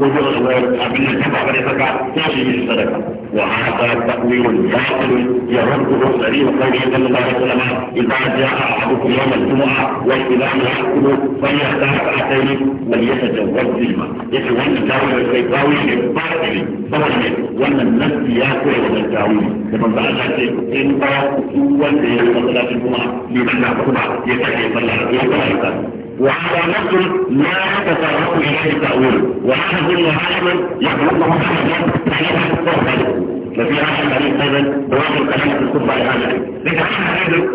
وجر الوالد عبد الجمع بن زكاة من الصدقة وهذا تأويل باطل يرده سليم قوله صلى الله عليه وسلم إذا جاء أحدكم يوم الجمعة والإمام يأكل فليختار ساعتين وليتجوز ظلما يشي وأن التأويل الشيطاني باطل طبعا وأن النفس يأكل وأن التأويل كما قال الله إن قرأت صلاة الجمعة لمن لا يأكل يتجوز ظلما وعلى نفس ما تتعرض اليه التاويل وهذا كل عالم يخلقه حاجه تحليلها الصحبه ففي هذا الحديث ايضا بواقع الكلام في الصحبة لهذا لكن احنا ايضا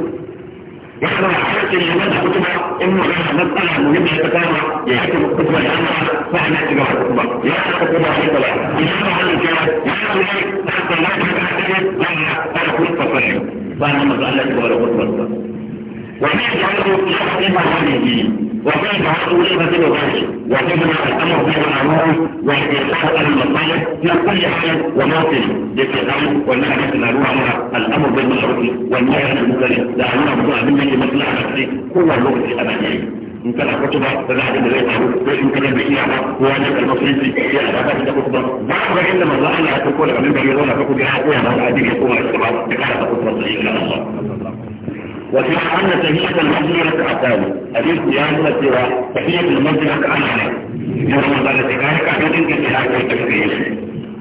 نحن الحاجة اللي نبدأ خطبة إنه إحنا نطلع مهم التكامل يحكم الخطبة لأنها فإحنا اتباع الخطبة لا الخطبة هي طلع يحكم عن الجواب يحكم عن حتى لا تحتاج لا لا تكون تصحيح فأنا مسألة ولا خطبة وكيف هذه كيف هذه وكيف هذه كيف ذلك وكيف الامر بين المعروف والايثار عن المصالح في كل حال وموطن للتزام والنهي عن المعروف الامر بالمعروف والنهي عن المنكر دعونا الله منا لمصلحه نفسه هو الوقت الابدي in kana kutuba ba za a da zai faru ko in kana da iya ba ko wani karɓar sunci ya da ba da kutuba ba ku ga inda manzo Allah ya ko daga min bari zauna ka ku ga ya ko ya ba da addini ko ma ba da kana kutuba sai in Allah وفي أن تهيئة المنزلة ركعتان حديث بيان سوى تهيئة المسجد ركعتان يوم بعد ذلك أحد انتهاء التكبير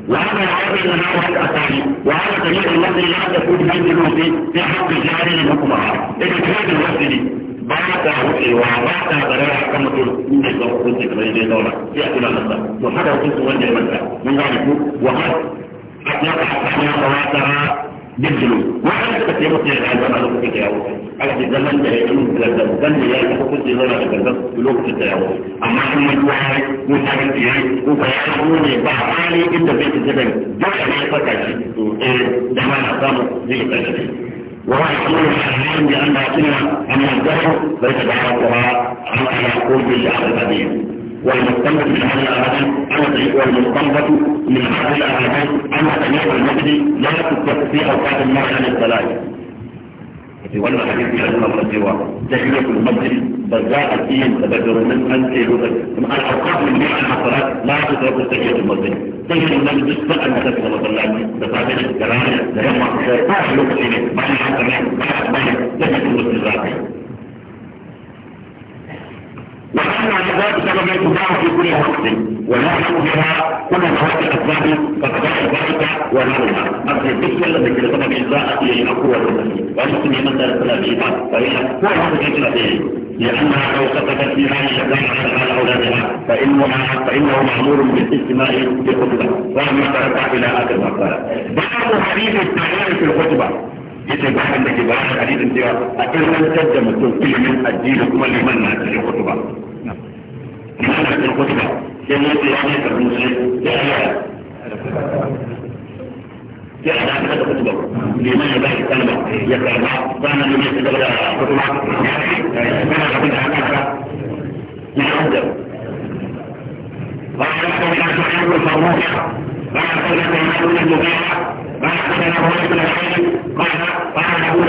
وأما العرض لنا ركعتان وهذا تهيئة المنزلة لا تكون مسجد في حق جار المقمرة إذا كان المسجد باتا وحيوا باتا ضرر كما تقول إن الله كنت كبير دولة يأتي لنا الله وحدا وكنت وجه مكة من ذلك وقد أطلق أحيانا واتها بالجنوب وعلى تكتير مصير العالم على وقت التجاوز على في الزمن ده يقولون تلزم زمن يا تفوق الزمن على تلزم في وقت التجاوز أما أما الواعي وثابت يعني وفيعلمون بعالي إنت بيت الزمن ده يعني يفكر شيء ده ما نقام زي الأجل وهو يقول الحرين بأن باطنها أن الزهر ليس بعرضها ان قلب الشعب القديم والمستنبط من هذه الأعلام والمستنبط من هذه الأعلام أن تنيع المسجد لا تتفق في أوقات المرء عن الصلاة في wannan hadisi ya nuna mana cewa tahiyatul masjid ba za a iya tabbatar nan an ce lokaci kuma al awqat min al salat la tudraku tahiyatul masjid tahiyatul masjid ba an ta da masallaci da safe da rana da yamma da ba lokaci ne ba ya ta ne ba ya tahiyatul masjid وكان عن ذلك سبب يتباع في كل وقت ونحن بها كل الوقت الاسباب فكذلك ذلك ونحوها اصل الذكر الذي في سبب الاساءه للاقوى ولكن من ذلك لا فهي هو هذا الفكر لانها لو سقطت في هذه الاسباب على اولادها فانها فانه مامور بالاستماع في الخطبه ولم يترتب الى اخر مقالة. بعض حديث التعليم في الخطبه yace ba da ke bayan hadisin cewa a ilmantar da mutum ilimin addini kuma liman na cikin kutuba liman na cikin kutuba sai ne sai ya ne karbi sai ya ya ya da aka da kutuba liman ya bai kalma ya karba bana ne mai da kutuba ya ya da abin da aka ka ya hada ba ya ka ya ka ya ka فأخذ معاون المباح فأخذ له رجل الحي قال قال له قال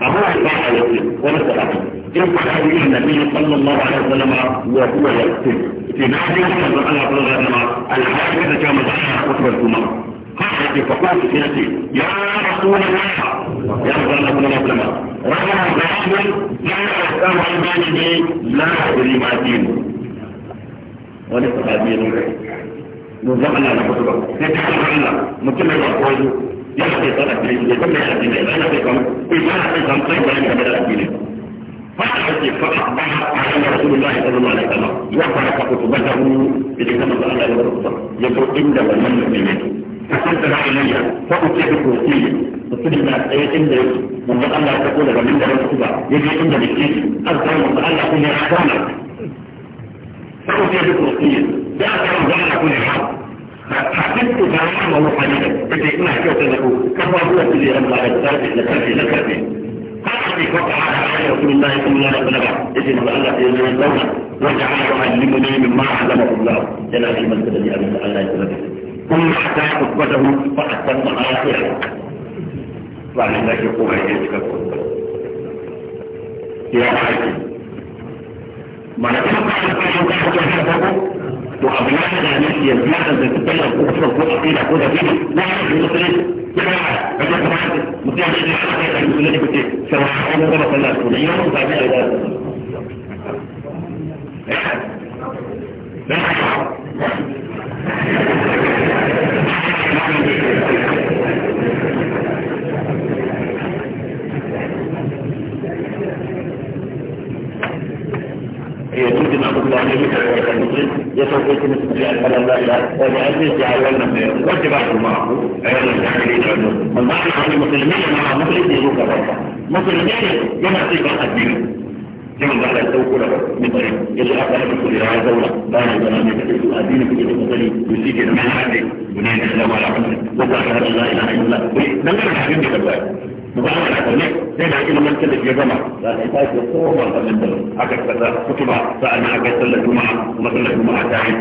فهو إباحة يقتل ومسألة يبقى النبي صلى الله عليه وسلم وهو يقتل في نادي صلى الله عليه وسلم الحاجة كما دعنا خطبة الجمعة قالت فقلت في نفسي يا رسول الله يا رسول الله صلى الله عليه وسلم لا يستوعب بيني لا أدري ما دينه mun zama na rabu ba sai ta hanyar Allah mutum mai ba koyo ya ce tsara ne ya kuma ya ce ya ce kan ko ya ce kan sai bayan da da addini fa ake fa ba a hanyar Rasulullahi sallallahu alaihi wasallam ya fara ka kutu ba da mu idan kana da Allah ya rubuta ya ko inda wannan mutum ne فكنت لا إلي فقلت لك وسيلة قلت لك ما عند من الله تقول ومن دون كذا يجي عند بالكيس أذكر من الله كل عدالة فقلت لك وسيلة ده كان جاي كل حاجه حكمت كلام ابو حنيفه بدي ما حكيت له كم هو اللي لما ذكرت ذكرت ذكرت قاعد يقطع على رسول الله صلى الله عليه وسلم اذن الله في يوم الدوله وجعل يعلمني مما علمه الله جل في المنزل الذي امن الله يسلمك ثم حتى خطبته فاتم اخره وعلى الله يقوم يجيبك يا عائشة ما نتوقع أن تكون تحت الحدث وأبناء الناس يزيادة زي كتير وكفر كفر كتير كودا كتير لا يعرف المسلمين كده عشان كمان مسلم اللي عارف المسلمين كتير سواء أنا طبعا صلى الله عليه وسلم يوم بعد كده لا هي تجمع كل واحد من المسلمين يتوقيت مثل على الله وبعزيز جعلنا من واتباعكم معه أيضا الجاهلين عندهم المعرفة المسلمين مع مخلص يروك بركة مسلمين يمسي بالقديم يوم بعد التوكل من طريق يجي أفضل بكل رعاية دولة بعد زمان يكتب الدين في كتب مدني يسيك المعنى عندي بنين السلام على عمرك وقال لا إله إلا الله بل لم يكن حبيبك الواحد مبارك عليك زي ما كده مسجد الجمعة لأن إنتاج الصوم ولا من دول أكثر كذا خطبة فأنا أكثر الجمعة ومثل الجمعة تاعي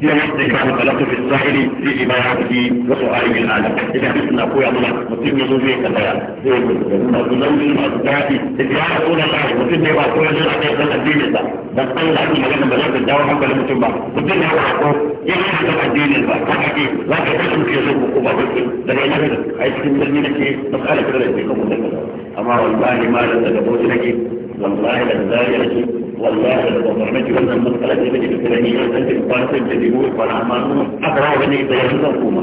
في نفسك أن في الساحل في إباحته وسؤاله العالم إذا koya mana mutum ya zo zai tambaya zai yi masu nauyi masu daɗi da ya rasu na kai mutum ne ba koya zai a kai san addinin sa dan Allah ki magana ba za ta dawo hankali mutum ba mutum ya rako ya yi da addinin ba ka ake za ka kashe ke zo ko ba kake daga ina ka ai cikin birni nake masala kira da kuma da amma wallahi ma da daga boki nake wallahi da zai nake والله لو نعمتي وانا المسألة دي بدي بكلانية انت بقارسة انت بيقول فانا عمان اقرأ وانا يتيارين الحكومة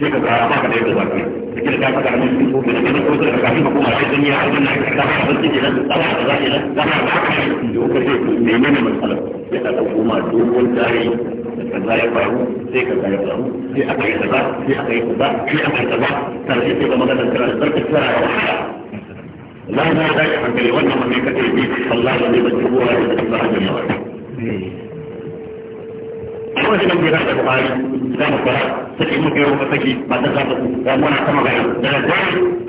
sai ka tsara ba ka da yadda ba ka da kira ka faɗa min ko da kira ko da ka kuma kuma sai ya dan ka da ka san kike nan da ka da kira da ka da ka yi ko ka ce menene matsalar sai ka dauko ma dogon tarihi da kaza ya faru sai kaza ya faru sai aka yi kaza sai aka yi kaza sai aka yi kaza karshe sai ka magana kira da sarki kira ya la na da hankali wannan mai kace bi sallallahu alaihi wa sallam da Allah ya kuma shi nan bai rasa bukari za mu fara sake mu kai wata sake ba ta zata ku ga muna ta magana daga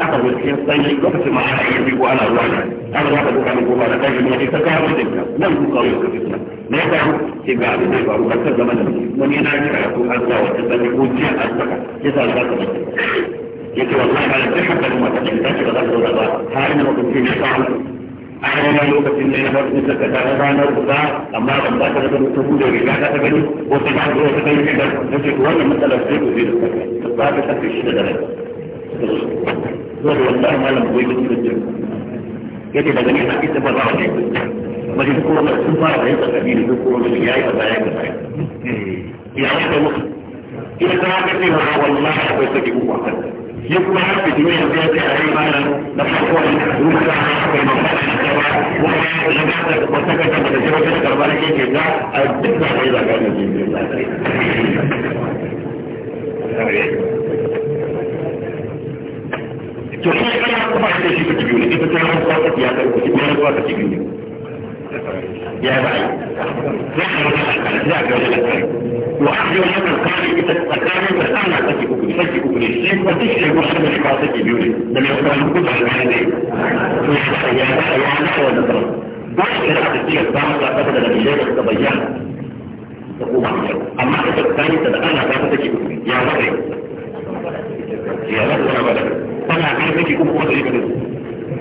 aka zo cikin sanyi lokacin ma ana yin biyu ana ruwa ne aka zata ku kan goma da kai kuma ta kawo da ka nan ku kawo ne ka ga abin da da an sanyi ko an saka za ka yake wallahi ba da duk ba har ne ke أحيانا لوكا سنة يفرق نسا كتابة أنا رضا أما رضا كتابة نسوه دوري لا تتبني وصباح روح تبني كده نسيك وانا مثلا سيك وزيد الصلاة تتبني الشدة درجة زور والله ما لم يجد في الجنة يجي بدني حكي تبرع عليك ما يذكر ما سنفع رئيس الكبير يذكر من الجاي فبايا كبايا يعني هذا مخ إذا كانت فيها والله أبو سكي مو يكون عارف الدنيا بيها تعيب على نفسه ويحضرها da wata kasa da kashe wata da karbar ke ke za a duk da kai zaka da jini to sai kana kuma da shi kuci biyu ne ita ta ran kwa ta ya ta kuci ne ran kwa ta biyu ne ya bai ya ga wannan ya ga wannan وحجر هذا القارئ تتكامل تتعمى تكي أكل تكي أكل الشيء وتشري محمد شباطك بيولي لم يقرأ الكتب على هذه ويحدث أيها الأيام ولا ترى ba shi da ba mu zaɓa da dalilai da suka bayyana da kuma amma da da ana ta ta take ya ware ya ware da kana kai kuma yake da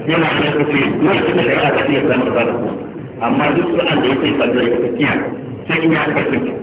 yana da da ta ce amma duk da yake kiyaye sai ya ta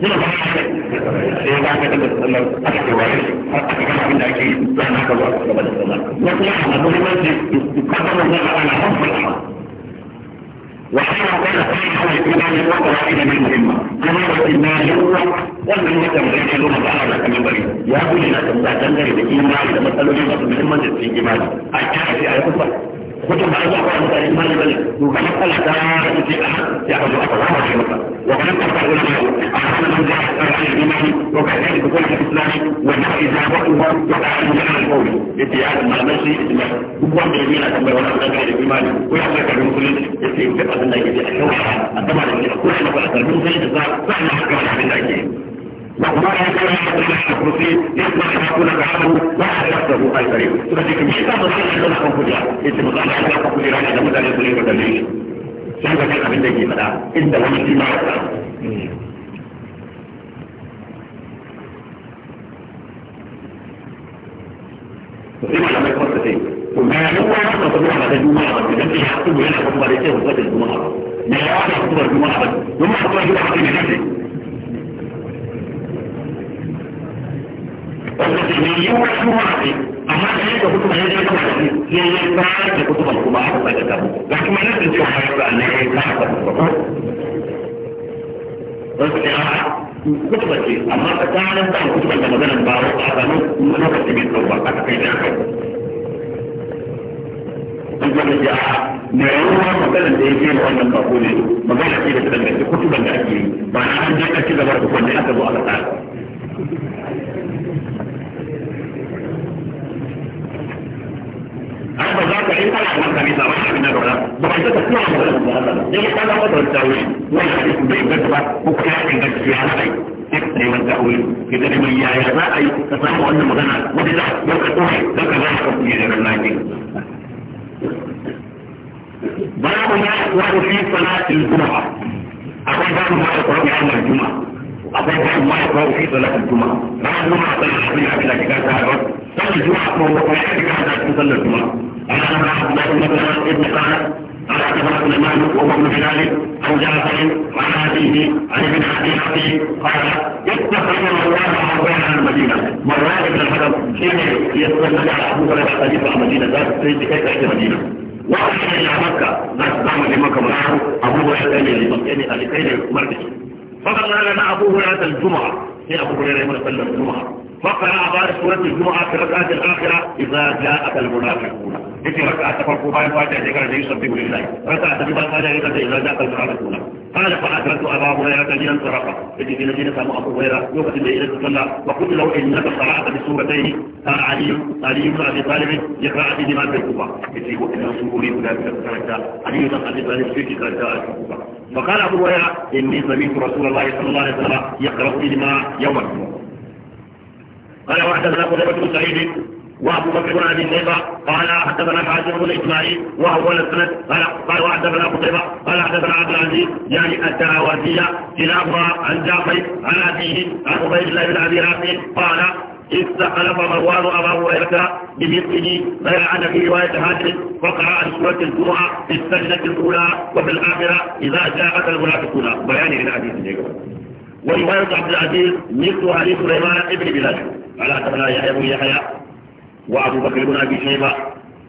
إيه من الحاجات اللي أكثر وعيش أكثر من أكيد لأن هذا هو من الصلاة وطلعنا مهمة يقدم في آية كتب على الله وعلى ذلك ما يبالي وحتى الحكاية التي يأخذ أطلعها في مصر وقد تبقى العلماء أحد من جاء على الإمام وكذلك كل الإسلام ونحو إذا وقوه وقع المجال القولي اتياء المعمشي إسلام هو الذين أكبر ولا أكبر الإمام ويحبك بمسلم يتيب تبقى الله يتيب أحوالها الضبع الذي أقول لك أكبر من سيد الزار فأنا أكبر من ذلك والله كان يقول يسمع ما يقول بعضه وحدثه اي طريق فذلك مش كان مصير لنا كونكوليا انت مطلع على كونكوليا انا مدى لي مدى لي sai ka kan abin da ke faɗa inda wani shi ma ya ina da mai kwanta sai to na yi wani wata wata zuwa da juma'a ba idan ya kuma yana kuma da ke hukumar juma'a na ya wata hukumar juma'a ba juma'a kuma juma'a ne ne wanda ne yi wa kuma ne amma da yadda hukuma ya zama da shi ya yi tsara da hukuma kuma aka sake ta ga kuma nan da cewa har da Allah ya yi tsara da hukuma wasu ne a kutuba ce amma tsakanin kan kutuba da maganar ba wa a zanu lokaci mai tsawo ba aka kai da kai an zama ji a mai yawan maganar da ya ce wa wannan bako ne magana ce da ta danganci kutuban da ake yi ba na an je ka ci gaba da kwanne aka zo aka tsara haka in kana kan kami da wani abin da ba ba ka ta tsaya da wannan da Allah ne ka ga wannan tawili wannan hadisi bai ga ba ko ka ga gaskiya ne sai wannan tawili ke da mai yaya za a yi ka samu wannan magana wanda za ka tsaya da ka ga ka fiye da nan ne باب ما يقول في صلاة الجمعة أقول باب ما يقول يوم الجمعة أقول باب ما يقول في صلاة الجمعة بعد ما أصلي الحبيب عبد الله كتاب صلى الجمعة فهو يحب كتاب صلى الجمعة قال عبد الله بن ابن قال قال اعتبر سليمان وهو ابن هلال ابن ابي قال يتخذ الله اربعه عن المدينه مرات بن الحكم حين يستمتع ابو بكر الحديث عن المدينه ذات سيد كيف تحت المدينه وقت الى مكه ذات تعمل لمكه معه ابو بكر لمكه مركز فقال لنا ابو هريره الجمعه هي ابو هريره يوم الجمعه فقرا بعد سوره الجمعه في الركعه الاخره اذا جاءك المنافقون yake raka'a ta farko bayan fatiha sai karanta yusabbihu lillahi raka'a ta biyu bayan fatiha sai karanta idza dakal mu'minuna قال فأدركت أبا هريرة جيلا سرقا يجي إلى جيلة أبو أبو هريرة يوقف إلى صلى وقلت له إنك صرعت بسورتين علي علي بن أبي طالب يقرأ بهما في الكوفة يجي وإن رسول الله كذلك علي بن أبي طالب في كذلك الكوفة فقال أبو هريرة إني سمعت رسول الله صلى الله عليه وسلم يقرأ بهما يوما قال وحدثنا قتيبة بن سعيد وابو بكر بن ابي شيبه قال حدثنا حاجر بن اسماعيل وهو الاسند قال قال وحدثنا قتيبه قال حدثنا عبد العزيز يعني التراوزيه كلاهما عن جعفر عن ابيه عن عبيد الله بن ابي رافع قال استقل مروان أبا هريرة بمثله غير أن في رواية هاجر فقرأ سورة الجمعة في السجدة الأولى وفي الآخرة إذا جاءت المنافقون بيان الى حديث الجمعة ورواية عبد العزيز مثل حديث سليمان ابن بلال على حسب يحيى بن يحيى وأبو بكر بن أبي شيبة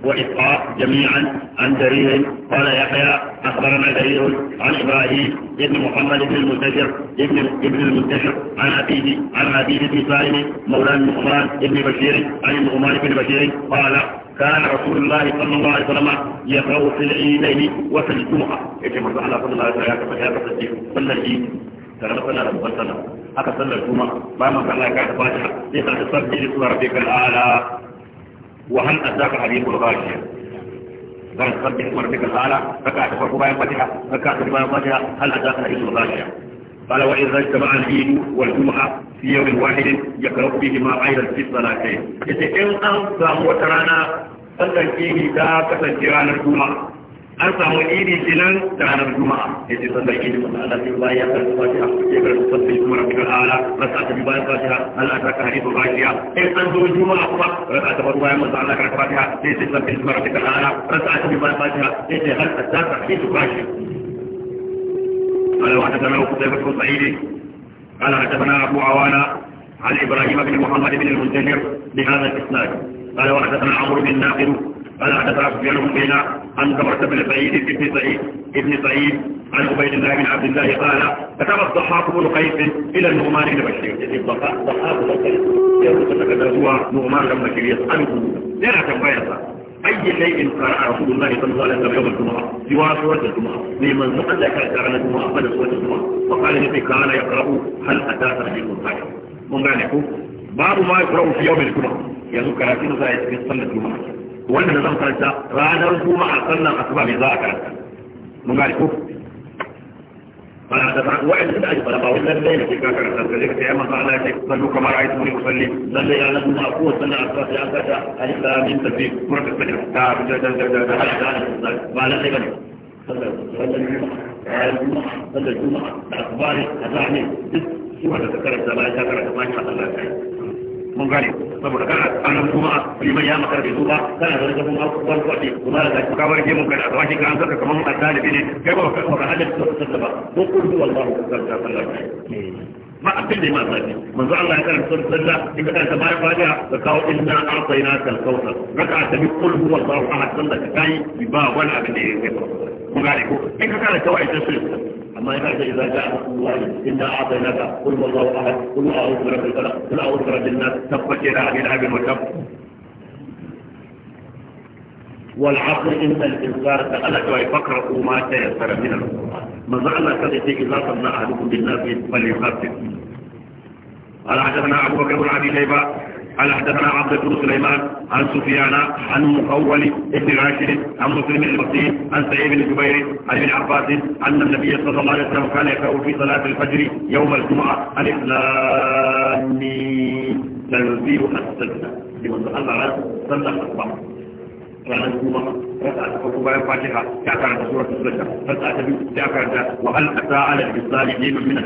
واسقاء جميعا عن جرير قال يحيى أخبرنا جرير عن إبراهيم ابن محمد بن المنتشر ابن ابن المنتشر عن أبيه عن أبيه بن سالم مولى النعمان بن بشير عن النعمان بن بشير قال كان رسول الله صلى الله عليه وسلم يقرأ في العيدين وفي الجمعة يجب على صلى الله عليه وسلم يا صلى العيد tare da sallar babban sallah aka sallar kuma ba ما sallah ka ta fatiha sai ta sabbi da وهم أتاك حديث الغاشية بل سبح اسم ربك الأعلى ركعت فرق بايا فاتحة ركعت بايا فاتحة هل أتاك حديث الغاشية قال وإذا اجتمع الهيد والجمعة في يوم واحد به ما أيضا في الصلاتين يتكلم أن سامو وترانا فلن كيه دا فتن جيران الجمعة an samu idi kenan da ranar juma'a ya ce sallar idi wanda Allah ya bayan ya karɓi fatiha ya karɓi fatiha kuma rabbul ala rasa ta bi bayan fatiha Allah ta ka hadithu rajiya in an zo juma'a kuma rasa ta bi bayan manzo Allah karɓi fatiha sai ce sallar idi rabbul ala rasa ta bi bayan fatiha sai ce har ta ta hadithu rajiya قال وحدثنا قتيبة بن سعيد قال حدثنا أبو عوانة عن إبراهيم بن محمد بن المنتشر بهذا الإسناد قال وحدثنا عمرو بن ناقد قال حدثنا سفيان بن عن جبرة بن سعيد بن سعيد بن سعيد عن عبيد الله بن عبد الله قال كتب الضحاك بن قيس إلى النعمان بن بشير يعني الضحاك بن قيس هو نعمان بن بشير يسأله لا تنبيه أي شيء قرأ رسول الله صلى الله عليه وسلم يوم الجمعة سوى سورة الجمعة لمن تقل كان الجمعة قبل سورة الجمعة وقال النبي كان يقرأ هل اتى حديث الصحيح من ذلك باب ما يقرأ في يوم الجمعة يذكر في صلاة الجمعة wanda na zan karanta ranar juma'a sannan asuba ne za a karanta mun gane ko wa'anda da ake fara ba wannan dai ne ke ka karanta sai ka yi masa Allah ya sallu kamar ayi tuni musalli dan da yana kuma ko sannan asuba sai an karanta alisa min tafi kuma ta ta da da da da har da ba la sai bane sallan sallan juma'a sallan juma'a da asbari azami duk wanda ka karanta ba ya karanta ba ya Allah ya mun gane saboda kana annan kuma liman ya makar bai zo ba kana da rikafin abubuwan kwace kuma da zaki ka barke mun kada a shi ka an kamar a talibi ne kai ba ka ka hada ta tsalla ba ko kullu wallahu ta'ala sallallahu alaihi ma abin da ma zaki manzo Allah ya karanta surat sallah in ka karanta bayan fadiya da kawo inna a'tainaka al-kautsar raka ta bi kullu wallahu ahad sallah kai ba wani abin da yake mun gane ko in ka karanta wa'idin أما يقعد إذا جاء الله إنا أعطيناك قل والله أحد قل أعوذ برب الفلق قل أعوذ برب الناس تبت إلى أبي لهب وتب والعقل إن الإنسان تألت ويفكر ما تيسر من القرآن زعل كذلك إذا صدنا أهلكم بالناس فليخفف على عجبنا أبو بكر بن أبي شيبة قال حدثنا عبد بن سليمان عن سفيان عن مقول بن راشد عن مسلم البصري عن سعيد بن جبير عن ابن عباس ان النبي صلى الله عليه وسلم كان يقرا في صلاه الفجر يوم الجمعه الف لام تنزيل السجده لمن صلى على ranar kuma rasa ta farko bayan fatiha ta karanta surat sura rasa ta biyu ta karanta wa hal ata ala bisali ne min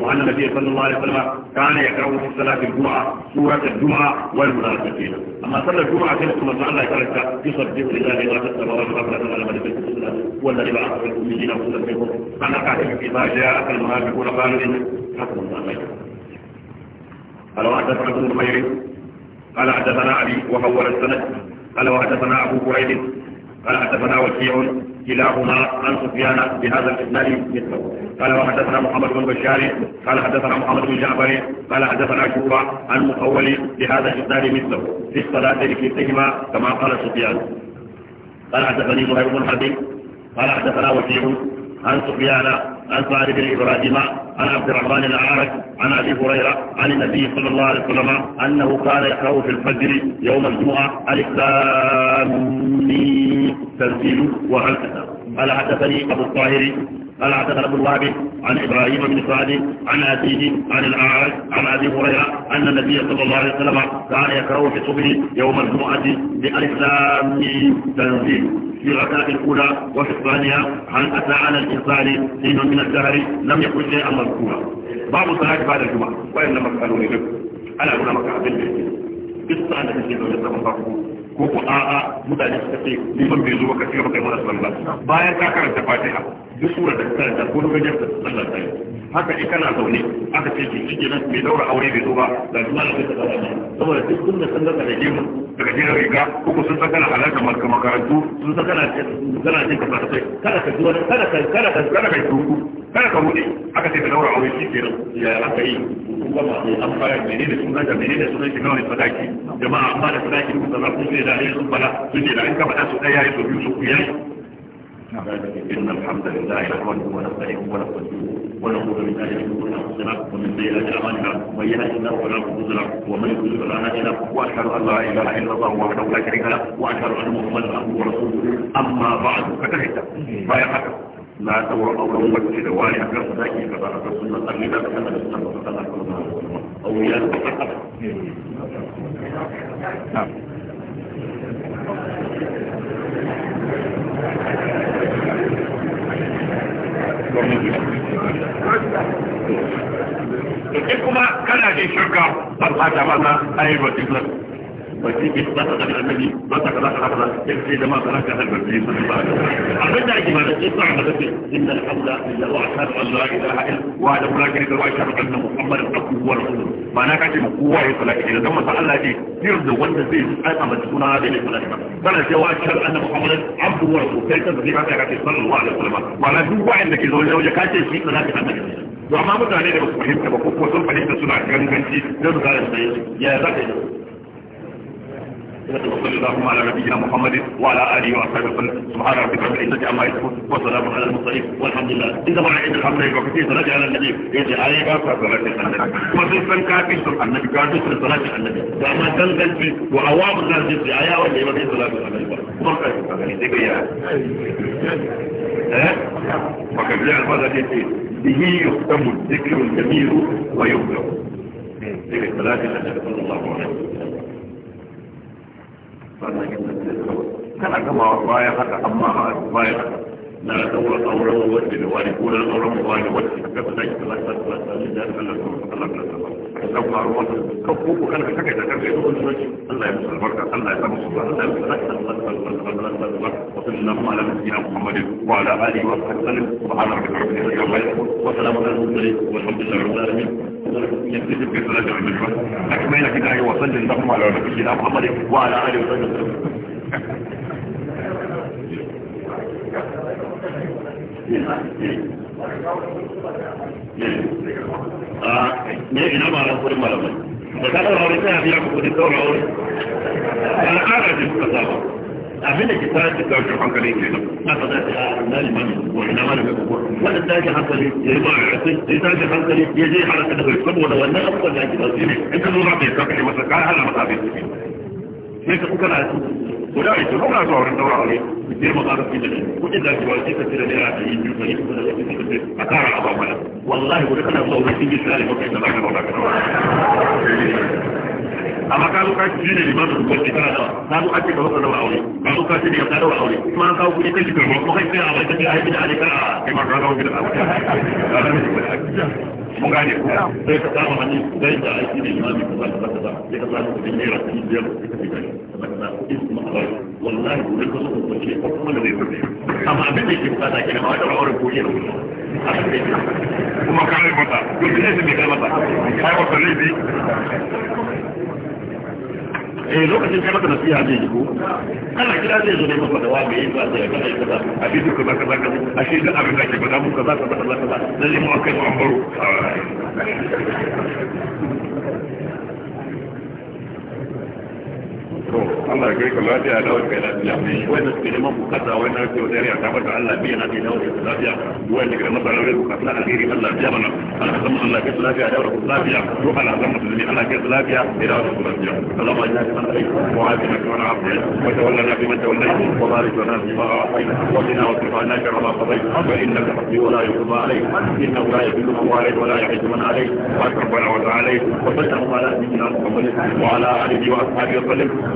وأن النبي صلى الله عليه وسلم كان يقرأ في صلاة الجمعة سورة الجمعة والمنافقين أما صلى الجمعة كان ثم الله يقرأ يصدق لله ما تسمى وما تسمى على مدى والذي بعث في المؤمنين وصدقهم أنا قاعد في ما جاء المنافقون قالوا إن حكم الله قال وحدثنا ابن المير قال حدثنا أبي وحول السند قال وحدثنا أبو كريم قال حدثنا وكيع كلاهما عن سفيان بهذا الاسناد مثله قال وحدثنا محمد بن بشار قال حدثنا محمد بن جعفر قال حدثنا شوبا عن مقول بهذا الاسناد مثله في الصلاة لكلتهما كما قال سفيان قال حدثني زهير بن حبيب قال حدثنا وكيع عن سفيان عن خالد بن إبراهيم عن عبد الرحمن الأعرج عن أبي هريرة عن النبي صلى الله عليه وسلم أنه كان يقرأ في الفجر يوم الجمعة الإسلام تنزيل وهكذا قال حدثني أبو الطاهر قال حدثنا ابو الوهاب عن ابراهيم بن سعد عن ابيه عن الاعراج عن ابي هريره ان النبي صلى الله عليه وسلم كان يكره في الصبح يوم الجمعه بالف لام تنزيل في الركعه الاولى وفي الثانيه هل اتى على الانسان حين من الدهر لم يكن شيئا مذكورا بعض الصلاه بعد الجمعه وانما كانوا يجب انا هنا مكعب بالبيت قصه الله عليه وسلم ko ko a'a mutane suka ce liman bai zo ba ka ce ba kai mana ba. bayan ka karanta fatiha duk sura da karanta ko duk gajar da Allah ta yi haka in kana zaune aka ce ki shige nan mai daura aure bai zo ba da kuma da ta tsara ne saboda duk sun da sandar da gemu daga jera riga ko ko sun saka halaka maka makarantu sun saka na kana jin ka sai kada ka zuwa kada ka kada ka kada ka tuku kada ka mutu aka ce ka daura aure shi kenan ya aka yi kuma ma eh, an fara menene sunan da menene sunan ki nawa ne sadaki jama'a amma da sadaki kun da za ku ce da ayyukan eh, bala sun ce da an ka faɗa su ɗaya ya so biyu su ku yayi إن الحمد لله نحمده ونستعينه ونستغفره ونعوذ بالله من شرور أنفسنا ومن سيئات أعمالنا من يهده الله فلا مضل له ومن يضلل فلا هادي له وأشهد أن لا إله إلا الله وحده لا شريك له وأشهد أن محمدا عبده ورسوله أما بعد فكرهت فيا حكم لا تور أو لو مجد دوالي أكثر ذلك كذا أكثر سنة تقليدا كما تسنى وكذا أكثر أو يا نعم gwamnati kuma kana jin shirka a fata maza a yi ba shi ke da annabi ba ta kaza kaza kaza sai sai da da shi sun ba wa wa a kai da to amma mutane da ba su fahimta ba ko sun fahimta suna ganganci don su ya zaka yi وصلى اللهم على نبينا محمد وعلى اله وصحبه وسلم سبحان ربك رب العزه عما يصفون وسلام على المرسلين والحمد لله اذا ما عيد الحمد لله وكثير صلاه على النبي يجي عليك صلاه النبي وسلم كافي النبي كان في صلاه النبي فما تنزل في وعوام الناس في ايا ولا يبقى في صلاه النبي بركه وكان لها المرة به يختم الذكر الكبير ويبلغ ذكر إيه؟ الثلاثة إيه؟ النبي صلى الله عليه وسلم sannan ya tattara kana gama bayan haka amma baya haka na daura auren wanda da wani ko na auren wani wanda ka kasa da shi kala kala kala da Allah Allah ka dauka ruwan ka ko ko kana kaka da kanka yau Allah ya musu albarka Allah ya samu subhana Allah ya wa sallallahu ala nabiyyina Muhammad wa ala alihi wa sahbihi sallam subhana rabbika rabbil izzati amma yasifun wa salamun ala al-mursalin walhamdulillahi rabbil alamin يكتب في صلاة الجمعة أكمل كده وصل اللهم على نبينا محمد وعلى آله وصحبه وسلم ne ina ba ran kudin malamai da ka ɗaura wani tsaya biya kudin ɗaura wani ba na ƙara jin suka saba abinda ke tsara da kawo shafan ke nan na ta zafi a na limani ko ina ma daga kuwa wanda tashi hankali ya yi ba a rasu ya tashi hankali ya je halaka ta kai saboda wannan abubuwan da ake ba su ne in ka zo za ka yi saka ne masa ka hala masa abin su ne ka kuka na guda ne to kuma zuwa wurin daura ne sai mu ƙara da kuɗin da ke wace ka tira da yin yi biyu sai ku da shi a ƙara a babana wallahi guda kana zuwa wurin cikin sai ba kai da zaka ba ka amma ka zo ka ci ne liman da kwanci kana da ka zo ake gaba da aure ka zo ka ci ne ka daura aure kuma an kawo kuɗi kai kuma kuma kai sai a bai ta a yi bida a ne kana kai ma ka kawo bida a wuta mun gane ku sai ka samu hanyar zai da aiki da imami ka zaka zaka za sai ka samu kudin naira ɗari biyar sai ka fita zaka za ku isu ma'abar wallahi ne ka so ku ce ko kuma da zai fita amma abin da yake bukata kenan ba da aure ko irin kuma kare mata duk ne da mai mata kai laifi eh lokacin kai maka nasiha zai yi ko kana kira zai zo ne maka da wabe ba zai kana yi kaza a bi duka baka baka a shi da abin da ke faɗa muka za ka faɗa za ka mu akai mu ambaro Allah kai ka lafiya da wata lafiya wanda suke neman bukata wanda suke da dariya ta bata Allah biya na da wata lafiya wanda ga masara da bukata alheri Allah biya mana Allah san Allah kai lafiya da wata lafiya to Allah san musulmi Allah kai lafiya da wata lafiya Allah ma ya san kai wa afina kana abu wa tawallana bi man tawallai wa barik lana fi ma a'tayna wa qina wa qina kama qadayt fa innaka taqdi wa la yuqda alayk innahu la yudhillu man walayt wa la yu'izzu man alayk wa rabbana wa ta'ala wa sallallahu ala nabiyyina muhammadin wa ala alihi wa ashabihi wa sallam